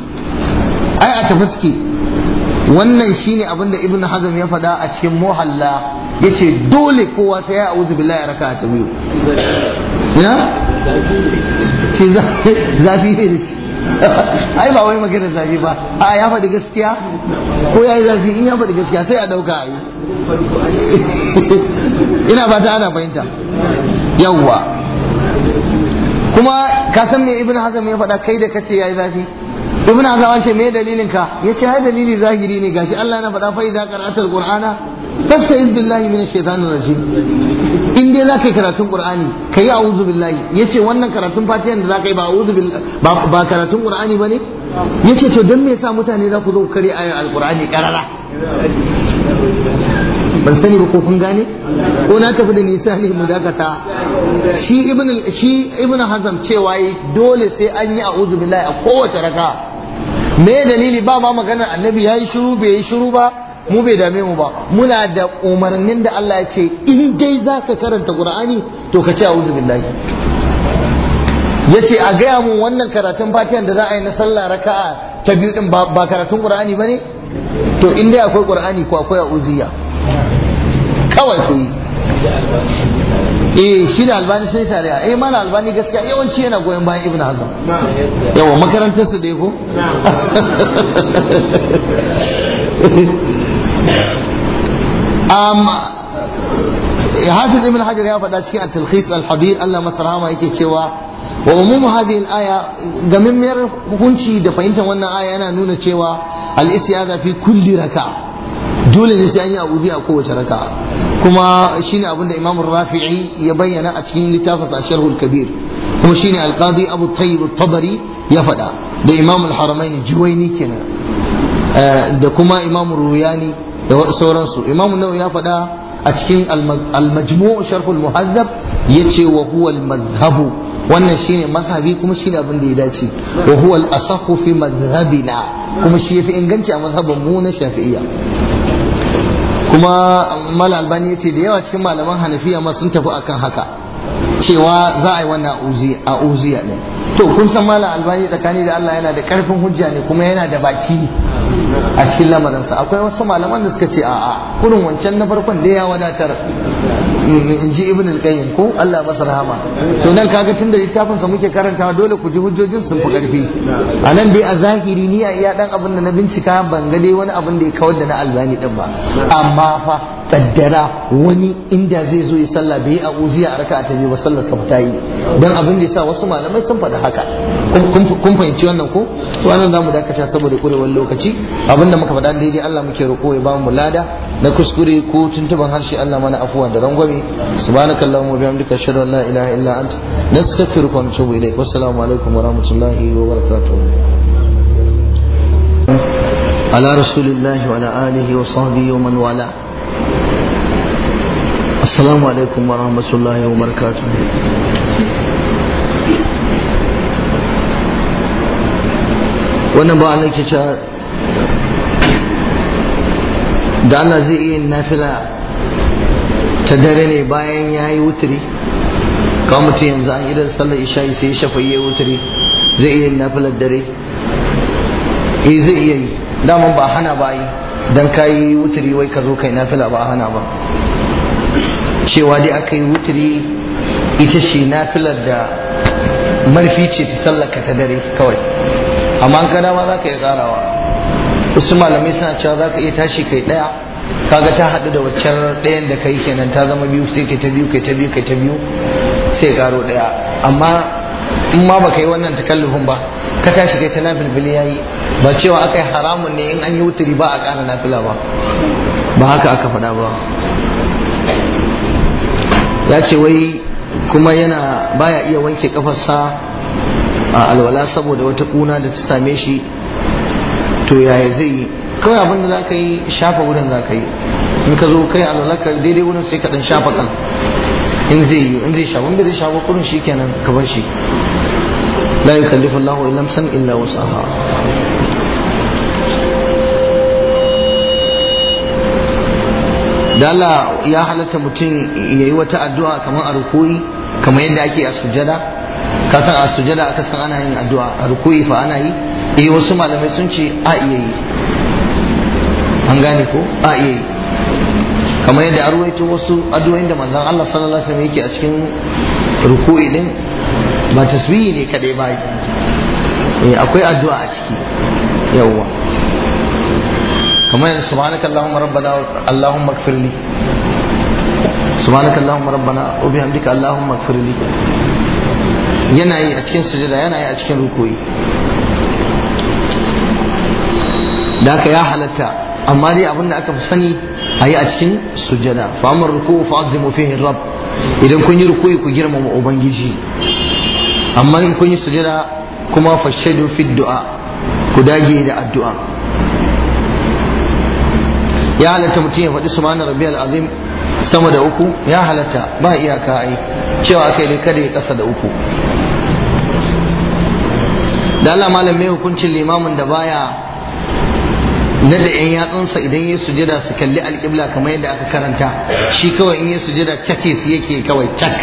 ai a tafi wannan shine abin da ibnu hazm ya faɗa a cikin muhalla yace dole kowa sai ya auzu billahi raka a biyu ya zafi ne da shi ai ba wai magana zafi ba a ya faɗi gaskiya ko ya yi zafi in ya faɗi gaskiya sai a ɗauka a yi ina fata ana fahimta yawwa kuma ka san me ibn hazm ya faɗa kai da kace yayi zafi ibn hazm ce me dalilin ka yace hai dalili zahiri ne gashi Allah na faɗa fa idza qara'atul qur'ana fasta'in billahi min shaitanir rajim in dai zaka yi karatun qur'ani kai a'udhu billahi ce wannan karatun fatiha da zaka yi ba a'udhu ba karatun qur'ani Ya ce to don me sa mutane za ku zo kare ayar alqur'ani karara ban sani ba ko kun gane ko na tafi da nisa ne mu dakata shi ibn shi ibn hazam cewa dole sai an yi a'udhu billahi a kowace raka me dalili ba ma maganar annabi yi shiru bai yi shiru ba mu bai dame mu ba muna da umarnin da Allah ya ce in dai za ka karanta Qur'ani to ka ce a'udhu billahi yace a gaya mun wannan karatun fatihan da za a yi na sallah raka'a ta biyu din ba karatun Qur'ani bane to in dai akwai Qur'ani ko akwai a'udhiya kawai ku yi eh shi da albani sai shari'a eh mana albani gaskiya yawanci yana goyon bayan ibn hazm yawa makarantar su dai ko Um, hafiz ibn hajar ya fada cikin at-talkhis al-habir Allah masa rahama yake cewa wa umumu hadhihi al-aya gamimmiyar hukunci da fahimtar wannan aya yana nuna cewa al-istiaza fi kulli raka dole ne sai an yi abuzi a kowace raka kuma shine abin da Imam Rafi'i ya bayyana a cikin littafinsa a Sharh al-Kabir kuma shine al-Qadi Abu Tayyib ya faɗa da Imam al jiwaini Juwayni kenan eh, da kuma Imam Ruyani da sauransu imamu nawawi ya faɗa a cikin almajmu'u sharhul muhazzab yace wa huwa al wannan shine mazhabi kuma shine abin da ya dace wa huwa al fi madhhabina kuma shi yafi inganci a mazhabin mu na shafi'iyya kuma mal albani yace da yawa cikin malaman hanafiya ma sun tafi akan haka cewa za a yi wannan a uziya ɗin to kun san mala albani tsakani da Allah yana da karfin hujja ne kuma yana da baki a cikin lamarinsa akwai wasu malaman da suka ce a'a kurin wancan na farkon da ya wadatar Eh, in ji ibn al-qayyim ko Allah masa rahama to nan kaga tunda littafin sa muke karanta dole ku ji hujjojin sun fi karfi anan dai a zahiri ni iya dan abin da na bincika ban ga dai wani abin da ya kawar da na albani din ba amma fa kaddara wani inda zai zo ya sallah bai a uziya a raka'a ta biyu ba sallar sa ta dan abin da yasa wasu malamai sun faɗa haka kun fahimci wannan ko to anan zamu dakata saboda kurewar lokaci abin da muka faɗa daidai Allah muke roƙo ya ba mu lada na kuskure ko tuntuban harshe Allah mana afuwa da rangwame ne subhanak allahumma wa bihamdika ashhadu la ilaha illa anta nastaghfiruka alaikum wa rahmatullahi wannan ba ne ke cewa da Allah zai iya nafila ta dare ne bayan ya yi wuturi kawai mutum yanzu an idan sallar isha'i sai ya shafa iya wuturi zai iya yin nafilar dare eh zai iya yi daman ba hana ba yi don ka yi wuturi wai ka zo kai nafila ba hana ba cewa dai aka yi wuturi ita ce nafilar da marfi ce ta sallaka ta dare kawai amma an kana ma za ka iya karawa wasu malamai suna cewa za ka iya tashi kai ɗaya kaga ta haɗu da waccan ɗayan da kai kenan ta zama biyu sai kai ta biyu kai ta biyu kai ta biyu sai karo ɗaya amma in ma baka yi wannan takallufin ba ka tashi kai ta nafilfili yayi ba cewa aka yi haramun ne in an yi wuturi ba a ƙara nafila ba ba haka aka faɗa ba ya ce wai kuma yana baya iya wanke kafarsa a alwala saboda wata kuna da ta same shi to yaya zai yi kawai abin da za ka yi shafa wurin za ka yi in ka zo kai alalaka daidai wurin sai ka dan shafa kan in zai yi in zai shafa wanda zai shafa kurin shi kenan ka bar shi la yukallifu Allahu illa san illa wusaha dala ya halatta mutum ya yi wata addu'a kamar a rukuyi kamar yadda ake a sujada ka san a sujada aka san ana yin addu'a a rukuyi fa ana yi eh wasu malamai sun ce a iya yi an gane ko a iya eh. yi kamar yadda arwaito wasu addu'o'in da manzon Allah sallallahu alaihi wasallam yake a cikin ruku'i din ba tasbihi ne kadai ba eh, akwai addu'a a ciki yawwa kamar yadda subhanaka allahumma rabbana allahumma ighfirli subhanaka allahumma rabbana wa bihamdika allahumma ighfirli yana yi a cikin sujada yana yi a cikin ruku'i da ka ya halatta amma dai abin da aka fi sani a yi a cikin sujjada famar ruku fa azimu fihi rab idan kun yi ruku ku girmama ubangiji amma in kun yi sujjada kuma fashadu fi du'a ku dage da addu'a ya halatta mutum ya faɗi subhanar rabbiyal al'azim sama da uku ya halatta ba iyaka ai cewa aka yi kada ya ƙasa da uku da Allah malam hukuncin limamin da baya na da yan yatsunsa idan ya sujada su kalli alƙibla kamar yadda aka karanta shi kawai in ya sujada cake su yake kawai cak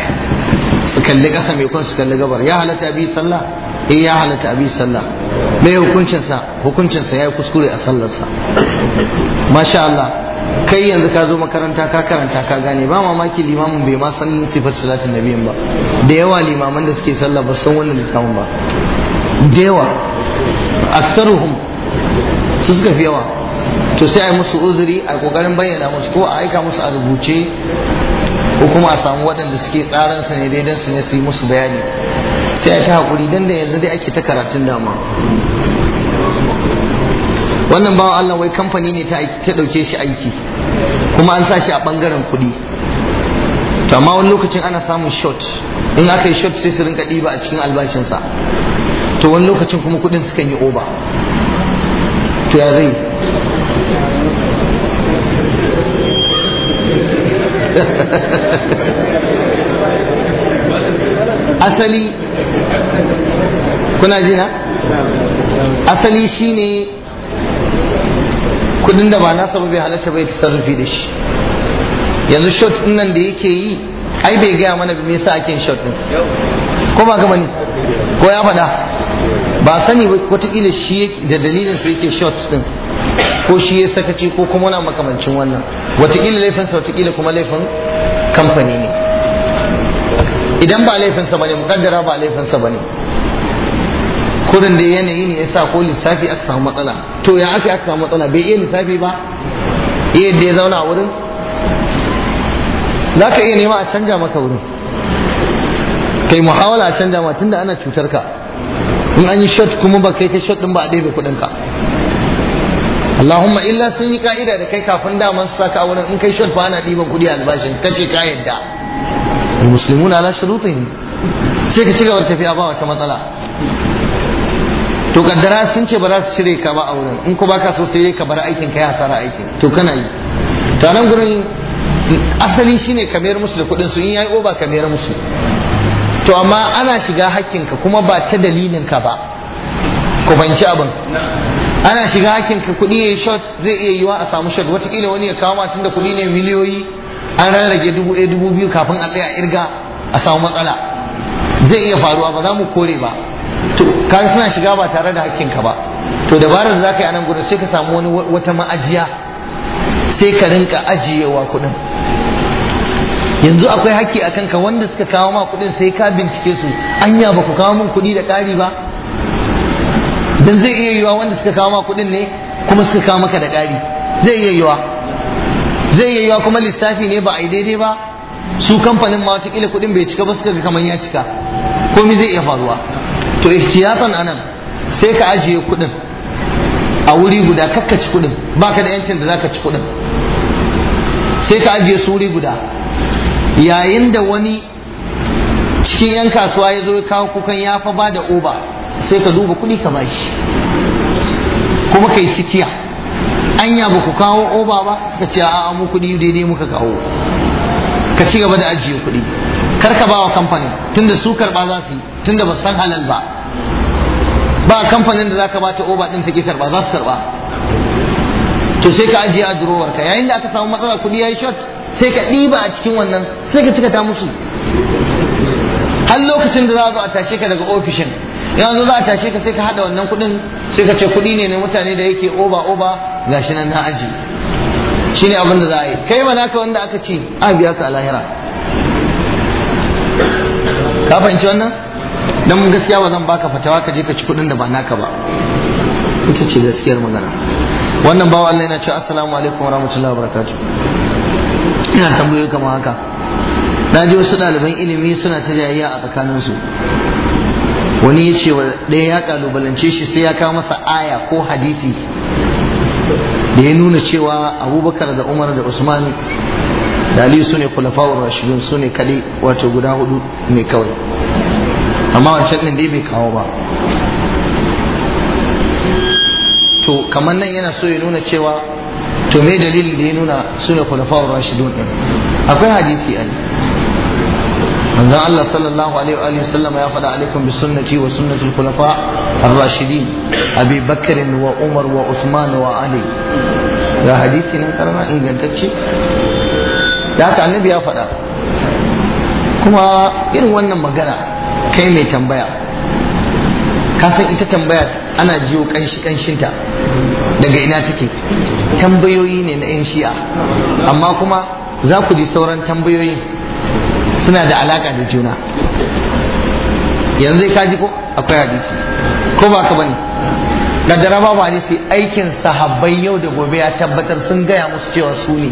su kalli ƙasa mai kwan su kalli gabar ya halatta abi sallah in eh, ya halatta abi sallah me hukuncinsa hukuncinsa ya yi kuskure a sallarsa masha Allah kai yanzu ka zo makaranta ka karanta ka gane ba mamaki limamin bai ma san sifar salatin nabiyin ba da yawa limaman da suke sallah ba san wannan littafin ba da yawa aktaruhum su suka fi yawa to sai a yi musu uzuri a kokarin bayyana musu ko a aika musu a rubuce ko kuma a samu waɗanda suke tsaran su ne daidan su ne su yi musu bayani sai a ta haƙuri dan da yanzu dai ake ta karatun dama wannan bawan Allah wai kamfani ne ta ɗauke shi aiki kuma an sa shi a bangaren kuɗi to amma wani lokacin ana samun shot in aka yi shot sai su rinka ɗiba a cikin albashinsa to wani lokacin kuma kuɗin sukan yi over. to ya zai asali kuna jina asali shine kudin da ba nasa bai halatta bai sarrafi da shi yanzu shot nan da yake yi ai bai gaya mana me yasa ake shot din ko ba gama ne ko ya faɗa ba sani watakila shi da dalilin su yake shot din ko shi ya sakaci ko kuma na makamancin wannan watakila laifinsa watakila kuma laifin kamfani ne idan ba laifinsa ba ne mukaddara ba laifinsa ba ne kurin da yanayi ne ya sa ko lissafi aka samu matsala to ya aka aka samu matsala bai iya lissafi ba yadda ya zauna a wurin za ka iya nema a canja maka wurin kai muhawala a canja ma tunda ana cutar ka in an yi shot kuma ba kai ka shot din ba a ɗebe kuɗin ka Allahumma illa sun yi ka'ida da kai kafin daman su saka wurin in kai shot fa ana ɗiban kuɗi a albashin ce ka yadda muslimuna ala shurutihim sai ka cigaba da tafiya ba wata matsala to kaddara sun ce ba za su cire ka ba a wurin in ko baka so sai ka bar aikin ka ya hasara aikin to kana yi to nan gurin asali shine ka mayar musu da kuɗin su in yayi oba ka mayar musu to amma ana shiga hakkinka kuma ba ta dalilinka ba ku fahimci abin ana shiga hakkinka kuɗi ya yi shot zai iya yiwa a samu shot Wataƙila wani ya kawo matan da kuɗi ne miliyoyi an rarrage dubu ɗaya dubu biyu kafin a tsaya irga a samu matsala zai iya faruwa ba za mu kore ba to ka suna shiga ba tare da hakkinka ba to dabarar da za ka yi anan nan sai ka samu wani wata ma'ajiya sai ka rinka ajiyewa kuɗin yanzu akwai haƙƙi akan ka wanda suka kawo ma kuɗin sai ka bincike su anya ba ku kawo min kuɗi da ƙari ba dan zai iya yiwa wanda suka kawo ma kuɗin ne kuma suka kawo maka da ƙari zai iya yiwa zai iya yiwa kuma lissafi ne ba a yi daidai ba su kamfanin ma wataƙila kuɗin bai cika ba suka ga kamar ya cika komai zai iya faruwa to ihtiyatan anan sai ka ajiye kuɗin a wuri guda kakka ci kuɗin baka da yancin da zaka ci kuɗin sai ka ajiye su wuri guda yayin da wani cikin 'yan kasuwa ya zo kawo kukan ya fa ba da oba sai ka duba kuɗi ka bashi kuma kai cikiya anya ba ku kawo oba ba suka ce a mu kuɗi daidai muka kawo ka ci gaba da ajiye kuɗi kar ka ba wa kamfani tunda su karɓa za su yi tunda ba san halal ba ba kamfanin da za ka ba ta oba ta take karɓa za su karɓa to sai ka ajiye a durowar ka yayin da aka samu matsala kuɗi ya yi shot sai ka ɗiba a cikin wannan sai ka cika ta musu har lokacin da za a zo a tashe ka daga ofishin yanzu za a tashe ka sai ka haɗa wannan kuɗin sai ka ce kuɗi ne na mutane da yake oba oba gashi nan na aji shine abin da za a yi kai ma naka wanda aka ce a biya ka a lahira ka fahimci wannan don gaskiya ba zan baka fatawa ka je ka ci kuɗin da ba naka ba ita ce gaskiyar magana wannan bawa Allah yana cewa assalamu alaikum warahmatullahi wabarakatuh ina tambayoyi kamar haka na ji wasu ɗaliban ilimi suna ta jayayya a tsakaninsu wani ya ce ɗaya ya ƙalubalance shi sai ya kawo masa aya ko hadisi da ya nuna cewa abubakar da umar da usman da ali su ne kulafawar rashidun su ne kaɗai wato guda hudu ne kawai amma wancan ɗin dai bai kawo ba to kamar nan yana so ya nuna cewa to me dalilin da ya nuna suna khulafa'ur rashidun din akwai hadisi ai manzon Allah sallallahu alaihi wa sallam ya faɗa alaikum bi sunnati wa sunnati al-khulafa ar-rashidin Abi Bakr wa Umar wa Usman wa Ali ga hadisi nan karama ingantacce da haka annabi ya faɗa kuma irin wannan magana kai mai tambaya ka san ita tambaya ana jiyo kanshi kanshinta daga ina take tambayoyi ne na 'yan shi'a amma kuma za ku ji sauran tambayoyin suna da alaka da juna yanzu ka ko akwai hadisi ko ba ka bane kaddara babu hadisi aikin sahabbai yau da gobe ya tabbatar sun gaya musu cewa su ne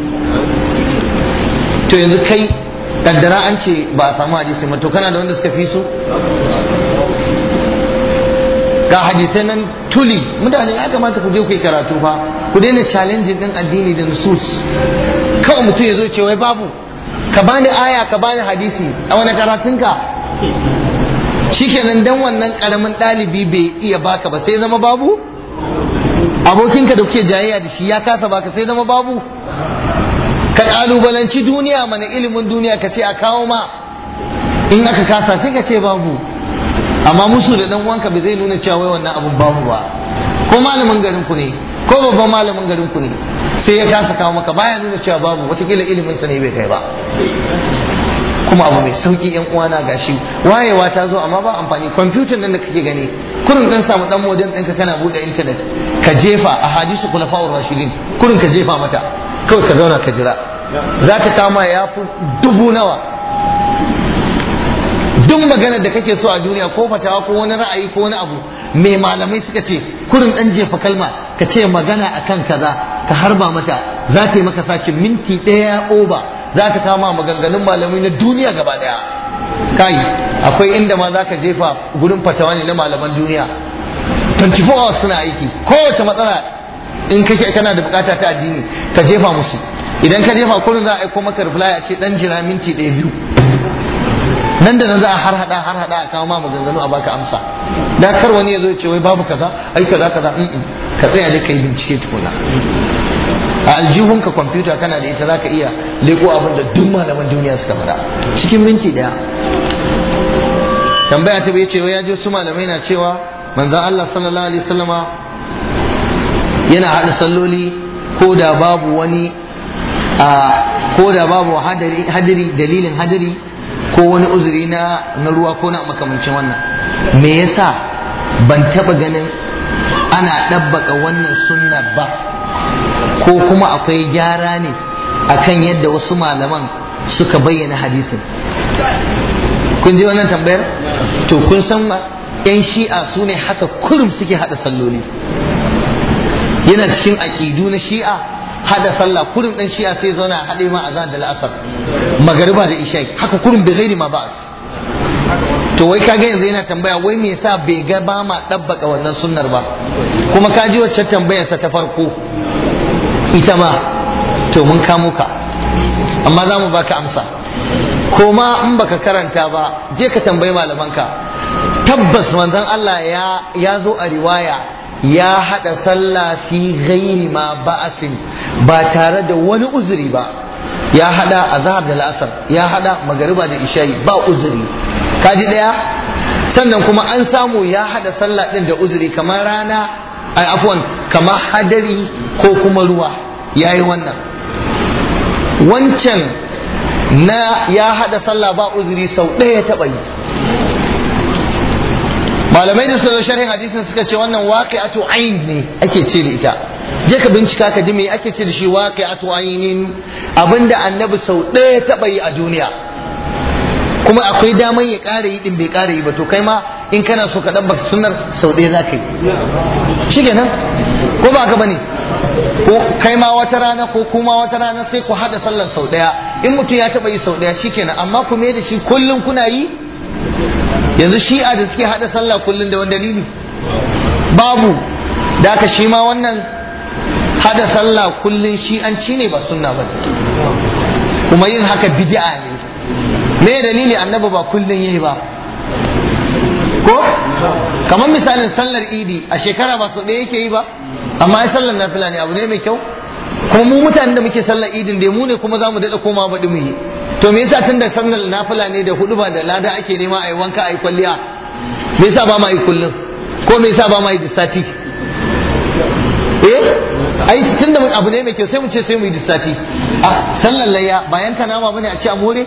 to yanzu kai daddara an ce ba a samu hadisi ba to kana da wanda suka fi so? ga hadisai nan tuli mutane ya kamata ku je ku yi karatu ba. ku daina challenging din addini da nusus kawai mutum ya zo ce wai babu ka bani aya ka bani hadisi a wani karatunka shikenan dan wannan karamin ɗalibi bai iya baka ba sai zama babu abokinka da kuke jayayya da shi ya kasa baka sai zama babu ka kalubalanci duniya mana ilimin duniya ka ce a kawo ma in aka kasa sai ka ce babu amma musu da dan uwanka bai zai nuna cewa wai wannan abun babu ba ko malamin garin ku ne ko babban malamin garin ku ne sai ya kasa kawo maka baya nuna cewa babu watakila ilimin sa ne bai kai ba kuma abu mai sauki yan uwana gashi wayewa ta zo amma ba amfani kwamfutan nan da kake gani kurin kan samu dan modem ɗinka kana buɗe intanet ka jefa a hadisu wa rashidin kurin ka jefa mata kawai ka zauna ka jira za ka kama ya fi dubu nawa duk maganar da kake so a duniya ko fatawa ko wani ra'ayi ko wani abu mai malamai suka ce kurin dan jefa kalma ka ce magana a kan kaza ka harba mata za ta yi maka sace minti ɗaya oba za ta kama maganganun malamai na duniya gaba ɗaya kai akwai inda ma za ka jefa gurin fatawa ne na malaman duniya 24 hours suna aiki kowace matsala in kashe kana da bukata ta addini ka jefa musu idan ka jefa kullum za a aiko maka reply a ce dan jira minti ɗaya biyu nan da nan za a har hada har hada a kawo ma maganganu a baka amsa da kar wani ya zo ce wai babu kaza ai kaza kaza mm, mm. ka tsaya da kai bincike tukuna a aljihun ka kwamfuta kana da ita za ka iya leko abin da duk malaman duniya suka faɗa cikin minti ɗaya tambaya ta bai ce ya je su malamai na cewa manzon Allah sallallahu alaihi wasallama yana haɗa salloli ko da babu wani ko da babu hadari dalilin hadari ko wani uzuri na na ruwa ko na makamancin wannan me yasa ban taba ganin ana ɗabbaka wannan sunna ba ko kuma akwai gyara ne akan yadda wasu malaman suka bayyana hadisin kun ji wannan tambayar to kun san ma yan shi'a su ne haka kurum suke haɗa salloli yana cikin aƙidu na shi'a hada sallah kurin dan shi'a sai zauna haɗe ma azan da la'asar magariba da isha'i haka kurin bai gairi ma ba'as to wai kaga yanzu yana tambaya wai me yasa bai ga ba ma dabbaka wannan sunnar ba kuma ka ji wacce tambayarsa ta farko ita ma to mun kamo ka amma za mu baka amsa Koma in baka karanta ba je ka tambayi malamanka tabbas manzon Allah ya ya zo a riwaya ya haɗa sallah fi ghairi ma ba'asin ba tare da wani uzuri ba ya haɗa azhar da la'asar ya haɗa magariba da isha'i ba uzuri kaji ɗaya sannan kuma an samu ya haɗa sallah ɗin da uzuri kamar rana ai afwan kamar hadari ko kuma ruwa yayi wannan wancan na ya haɗa sallah ba uzuri sau ɗaya taɓa yi malamai da su zo sharhin hadisin suka ce wannan waqi'atu ayn ne ake ce da ita je ka bincika ka ji me ake ce da shi waqi'atu aynin abinda annabi sau ɗaya taɓa yi a duniya kuma akwai daman ya ƙara yi din bai ƙara yi ba to kai ma in kana so ka ɗabbaka sunnar sau ɗaya za ka yi shikenan ko ba ka bane ko kai ma wata rana ko kuma wata rana sai ku haɗa sallar sau ɗaya in mutum ya taɓa yi sau ɗaya shikenan amma ku me da shi kullum kuna yi yanzu shi'a da suke haɗa sallah kullum da wani dalili babu da aka shi ma wannan haɗa sallah kullum shi'anci ne ba sunna ba kuma yin haka bid'a ne me dalili annabi ba kullum yi ba ko kamar misalin sallar idi a shekara ba sau ɗaya yake yi ba amma ai sallar nafila ne abu ne mai kyau kuma mu mutanen da muke sallar idin dai mu ne kuma zamu mu daɗa komawa baɗi mu yi to me yasa tunda sannan nafila ne da hudu ba da lada ake nema a yi wanka a yi kwalliya me yasa ba ma yi kullum ko me yasa ba ma yi da eh ai tunda abu ne mai kyau sai mu ce sai mu yi da a ah, sallar layya bayan ta nama bane a ce a more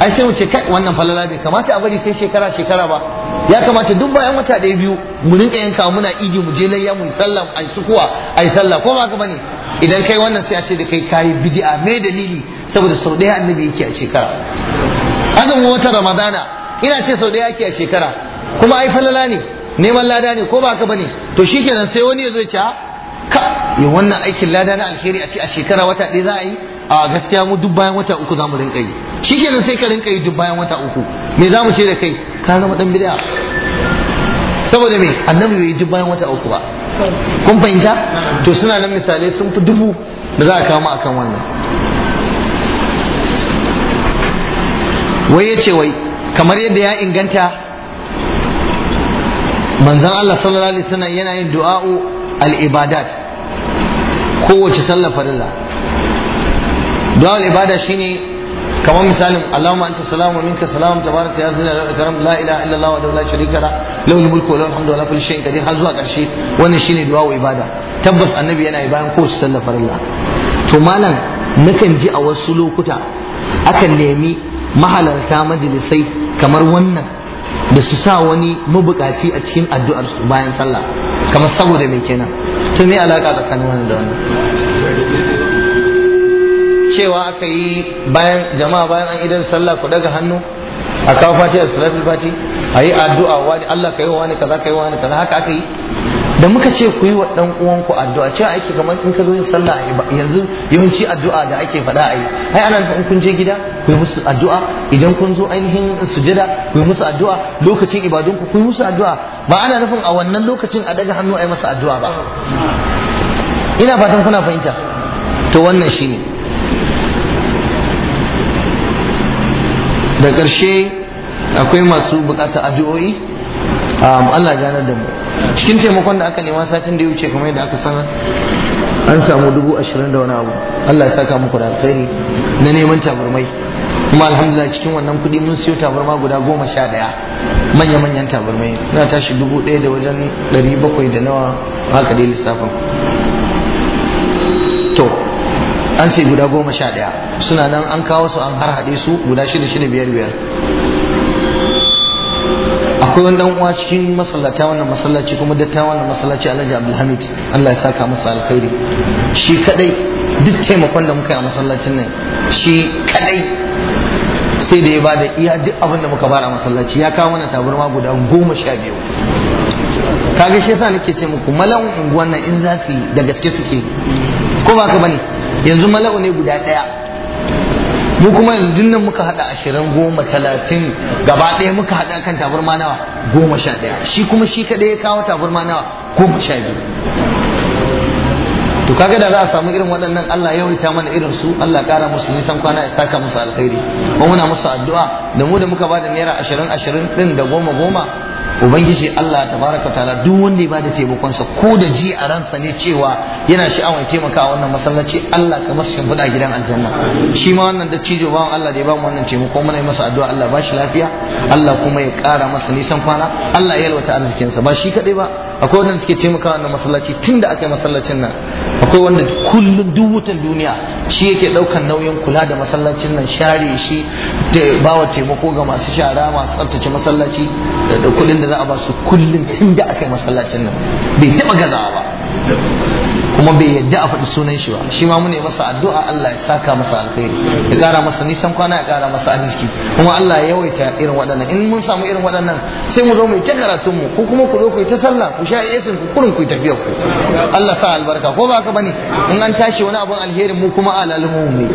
ai sai mu ce kai wannan falala bai kamata a bari sai shekara shekara ba ya kamata duk bayan wata ɗaya biyu mu rinka yanka muna igi mu je layya mu yi sallah ai sukuwa ai sallah ko ba ka bane idan kai wannan sai a ce da kai kai bid'a me dalili saboda sau ɗaya annabi yake a shekara azumin watan ramadana ina ce sau ɗaya yake a shekara kuma ai falala ne neman lada ne ko ba haka bane to shikenan sai wani ya zo ya ah, ka ya wannan aikin lada na alheri a ce a shekara wata ɗaya za a yi a gaskiya mu duk bayan wata uku za mu rinka yi shikenan sai ka rinka yi duk bayan wata uku me za mu ce da kai ka zama dan bid'a saboda me annabi bai yi duk bayan wata uku ba kun fahimta to suna nan misalai sun fi dubu da za a kama akan wannan wai ya ce wai kamar yadda ya inganta manzon Allah sallallahu alaihi wasallam yana yin du'a'u al-ibadat kowace sallar farilla du'a al-ibada shine kamar misalin Allahumma anta salamu minka salamun tabaraka ya zalla wal karam la ilaha illa Allah wa la sharika la lahu mulku wa lahu alhamdu wa la kulli shay'in qadir har zuwa karshe wannan shine du'a ibada tabbas annabi yana yi bayan kowace sallar farilla to malam nakan ji a wasu lokuta akan nemi mahalarta majalisai kamar wannan da su sa wani mabukaci a cikin addu'ar su bayan sallah kamar saboda mai kenan to me alaka tsakanin wannan da wannan cewa aka yi bayan jama'a bayan an idan sallah ku daga hannu a kawo fati a salatul fati a yi addu'a wani Allah ka yi wa wani kaza ka yi wa wani kaza haka aka yi da muka ce ku yi wa dan uwanku addu'a cewa ake kamar in ka zo yin sallah yanzu yawanci addu'a da ake faɗa a yi ai ana in kun je gida ku yi musu addu'a idan kun zo ainihin sujada ku yi musu addu'a lokacin ibadunku ku yi musu addu'a ba ana nufin a wannan lokacin a daga hannu a yi masa addu'a ba ina fatan kuna fahimta to wannan shine da ƙarshe akwai masu buƙatar addu'o'i Um, Allah ya ganar da mu cikin taimakon da aka nema satin da ya wuce kamar yadda aka sanar an samu dubu ashirin da wani abu Allah ya saka muku da alkhairi na neman tabarmai kuma alhamdulillah cikin wannan kuɗi mun siyo tabarma guda goma sha ɗaya manya-manyan tabarmai na tashi dubu ɗaya da wajen ɗari bakwai da nawa haka dai lissafin to an sai guda goma sha ɗaya suna nan an kawo su an harhaɗe su guda shida shida biyar biyar akwai wani dan uwa cikin masallata wannan masallaci kuma datta wannan masallaci Alhaji Abdulhamid Allah ya saka masa alkhairi shi kadai duk taimakon da muka yi a masallacin nan shi kadai sai da ya bada iya duk abin da muka a masallaci ya kawo mana tabarma guda goma sha biyu kaga shi yasa nake ce muku mala'un unguwan nan in za su da gaske suke ko ba ka bane yanzu mala'u ne guda daya mu kuma yanzu nan muka hada ashirin goma talatin gaba ɗaya muka hada kan taburma nawa goma sha ɗaya shi kuma shi kaɗai ya kawo taburma nawa goma sha biyu to kaga da za a samu irin waɗannan Allah ya wuta mana irin su Allah ƙara musu nisan kwana ya saka musu alkhairi kuma muna musu addu'a da mu da muka ba da naira ashirin ashirin ɗin da goma goma ubangiji Allah tabaraka ta'ala duk wanda ya bada taimakon sa ko da ji a ransa ne cewa yana sha'awar taimaka a wannan masallaci Allah ka masa shimfiɗa gidan aljanna shi ma wannan dattijo bawan Allah da ya bamu wannan taimako muna yi masa addu'a Allah ba shi lafiya Allah kuma ya ƙara masa nisan kwana Allah ya yalwata arzikinsa ba shi kaɗai ba akwai wanda suke taimaka wannan masallaci tun da aka yi masallacin nan akwai wanda kullun duk wutan duniya shi yake ɗaukan nauyin kula da masallacin nan share shi da bawa taimako ga masu shara masu tsaftace masallaci da kuɗin da za a ba su kullum tun da aka yi masallacin nan bai taɓa gazawa ba kuma bai yadda a faɗi sunan shi ba shi ma mune masa addu'a Allah ya saka masa alkhairi ya ƙara masa nisan kwana ya ƙara masa arziki kuma Allah ya yawaita irin waɗannan in mun samu irin waɗannan sai mu zo mu ta karatun mu ko kuma ku zo ku yi ta sallah ku sha isin ku kurin ku tafiya ku Allah sa albarka ko ba ka bane in an tashi wani abun alherin mu kuma alalmu mu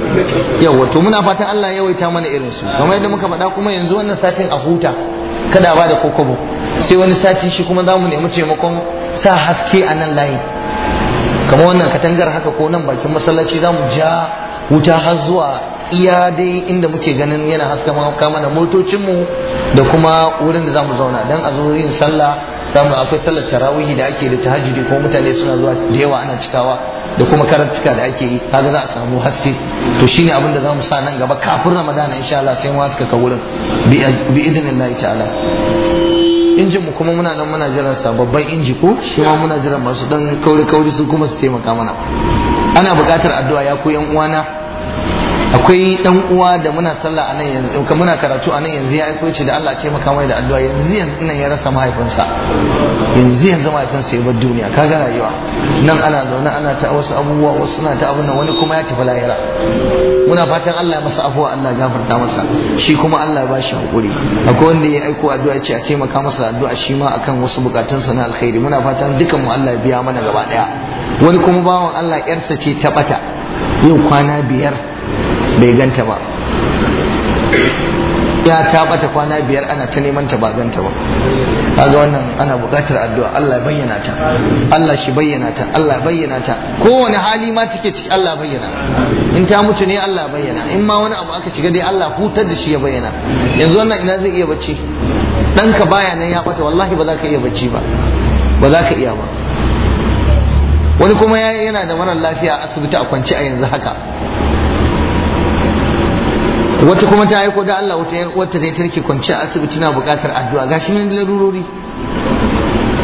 yawa to muna fatan Allah ya yawaita mana irin su kamar yadda muka faɗa kuma yanzu wannan satin a huta kada ba da kokobo sai wani satin shi kuma za mu nemi taimakon sa haske a nan layi kama wannan katangar haka ko nan bakin masallaci za mu ja wuta har zuwa iya dai inda muke ganin yana haska maka mana motocinmu da kuma wurin da za mu zauna dan a zo yin sallah samu akwai sallar tarawihi da ake da tahajjudi ko mutane suna zuwa da yawa ana cikawa da kuma karantuka da ake yi kaga za a samu haske to shine abin da za mu sa nan gaba kafin ramadana insha Allah sai mu haska ka wurin bi idinillahi ta'ala injin mu kuma muna nan muna jiran sa babban inji ko shi ma muna jiran masu dan kauri kauri su kuma su taimaka mana ana buƙatar addu'a ya ku yan uwana akwai dan uwa da muna sallah anan yanzu muna karatu anan yanzu ya aiko ce da Allah taimaka mai da addu'a yanzu yanzu nan ya rasa mahaifinsa yanzu yanzu mahaifinsa ya bar duniya kaga rayuwa nan ana zaune ana ta wasu abubuwa wasu na ta abun nan wani kuma ya tafi lahira muna fatan Allah ya masa afuwa Allah ya gafarta masa shi kuma Allah ya ba shi hakuri akwai wanda ya aiko addu'a ce a taimaka masa addu'a shi ma akan wasu bukatunsa na alkhairi muna fatan dukan mu Allah ya biya mana gaba daya wani kuma bawan Allah yarsa ce ta bata yau kwana biyar bai ganta ba ya ta bata kwana biyar ana ta neman ta ba ganta ba kaga wannan ana buƙatar addu'a Allah bayyana ta Allah shi bayyana ta Allah bayyana ta kowane hali ma take ci Allah bayyana in ta mutu ne Allah bayyana in ma wani abu aka shiga dai Allah hutar da shi ya bayyana yanzu wannan ina zai iya bacci danka baya nan ya bata wallahi ba za ka iya bacci ba ba za ka iya ba wani kuma ya yana da mara lafiya asibiti a kwance a yanzu haka wata kuma ta aiko da Allah wata ne da ta rike kwance a asibiti na bukatar addu'a gashi da larurori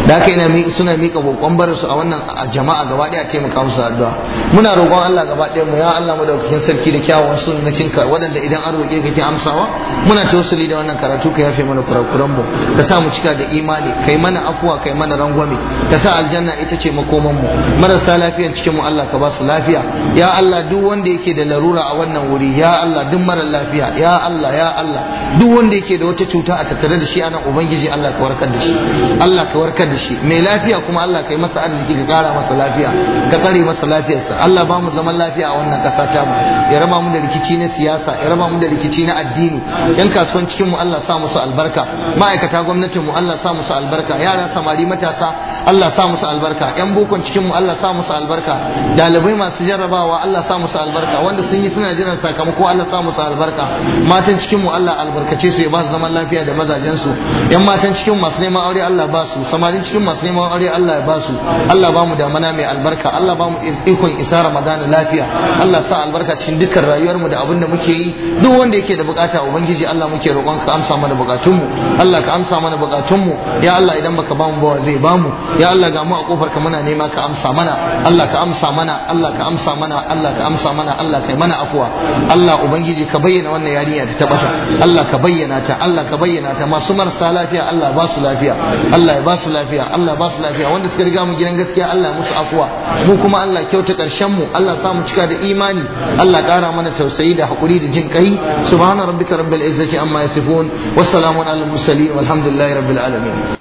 da haka yana suna mika kokon bar su a wannan jama'a gaba daya ce muka musu addu'a muna roƙon Allah gaba daya mu ya Allah madaukakin sarki da kyawun sunnakin ka waɗanda idan an roƙe kake amsawa muna tausali da wannan karatu ka yafe mana kurakuran mu ka sa mu cika da imani kai mana afuwa kai mana rangwame ka sa aljanna ita ce makoman mu marasa lafiyan cikin mu Allah ka ba su lafiya ya Allah duk wanda yake da larura a wannan wuri ya Allah duk mara lafiya ya Allah ya Allah duk wanda yake da wata cuta a tattare da shi anan ubangiji Allah ka warkar da shi Allah ka warkar da shi mai lafiya kuma Allah kai masa arziki ka kara masa lafiya ka tsare masa lafiyarsa Allah ba mu zaman lafiya a wannan ƙasa ta mu ya raba mu da rikici na siyasa ya raba mu da rikici na addini yan kasuwan cikin mu Allah sa musu albarka ma'aikata gwamnatin mu Allah sa musu albarka yara samari matasa Allah sa musu albarka yan bokon cikin mu Allah sa musu albarka dalibai masu jarrabawa Allah sa musu albarka wanda sun yi suna jiran sakamako Allah sa musu albarka matan cikin mu Allah albarkace su ya ba su zaman lafiya da mazajen su yan matan cikin masu neman aure Allah ba su samarin cikin masu neman aure Allah ya basu Allah ba mu da mana mai albarka Allah ba mu ikon isa Ramadana lafiya Allah sa albarka cikin dukkan rayuwar mu da abin da muke yi duk wanda yake da bukata ubangiji Allah muke roƙon ka amsa mana bukatun mu Allah ka amsa mana bukatun mu ya Allah idan baka ba mu ba zai ba mu ya Allah ga mu a kofar ka muna nema ka amsa mana Allah ka amsa mana Allah ka amsa mana Allah ka amsa mana Allah kai mana afuwa Allah ubangiji ka bayyana wannan yarinya da ta bata Allah ka bayyana ta Allah ka bayyana ta masu marasa lafiya Allah ba su lafiya Allah ya ba su lafiya lafiya Allah ba su lafiya wanda suka riga mu gidan gaskiya Allah musu afuwa mu kuma Allah kyauta karshen mu Allah sa mu cika da imani Allah ƙara mana tausayi da hakuri da jin kai subhana rabbika rabbil izzati amma yasifun wassalamu alal mursalin walhamdulillahi rabbil alamin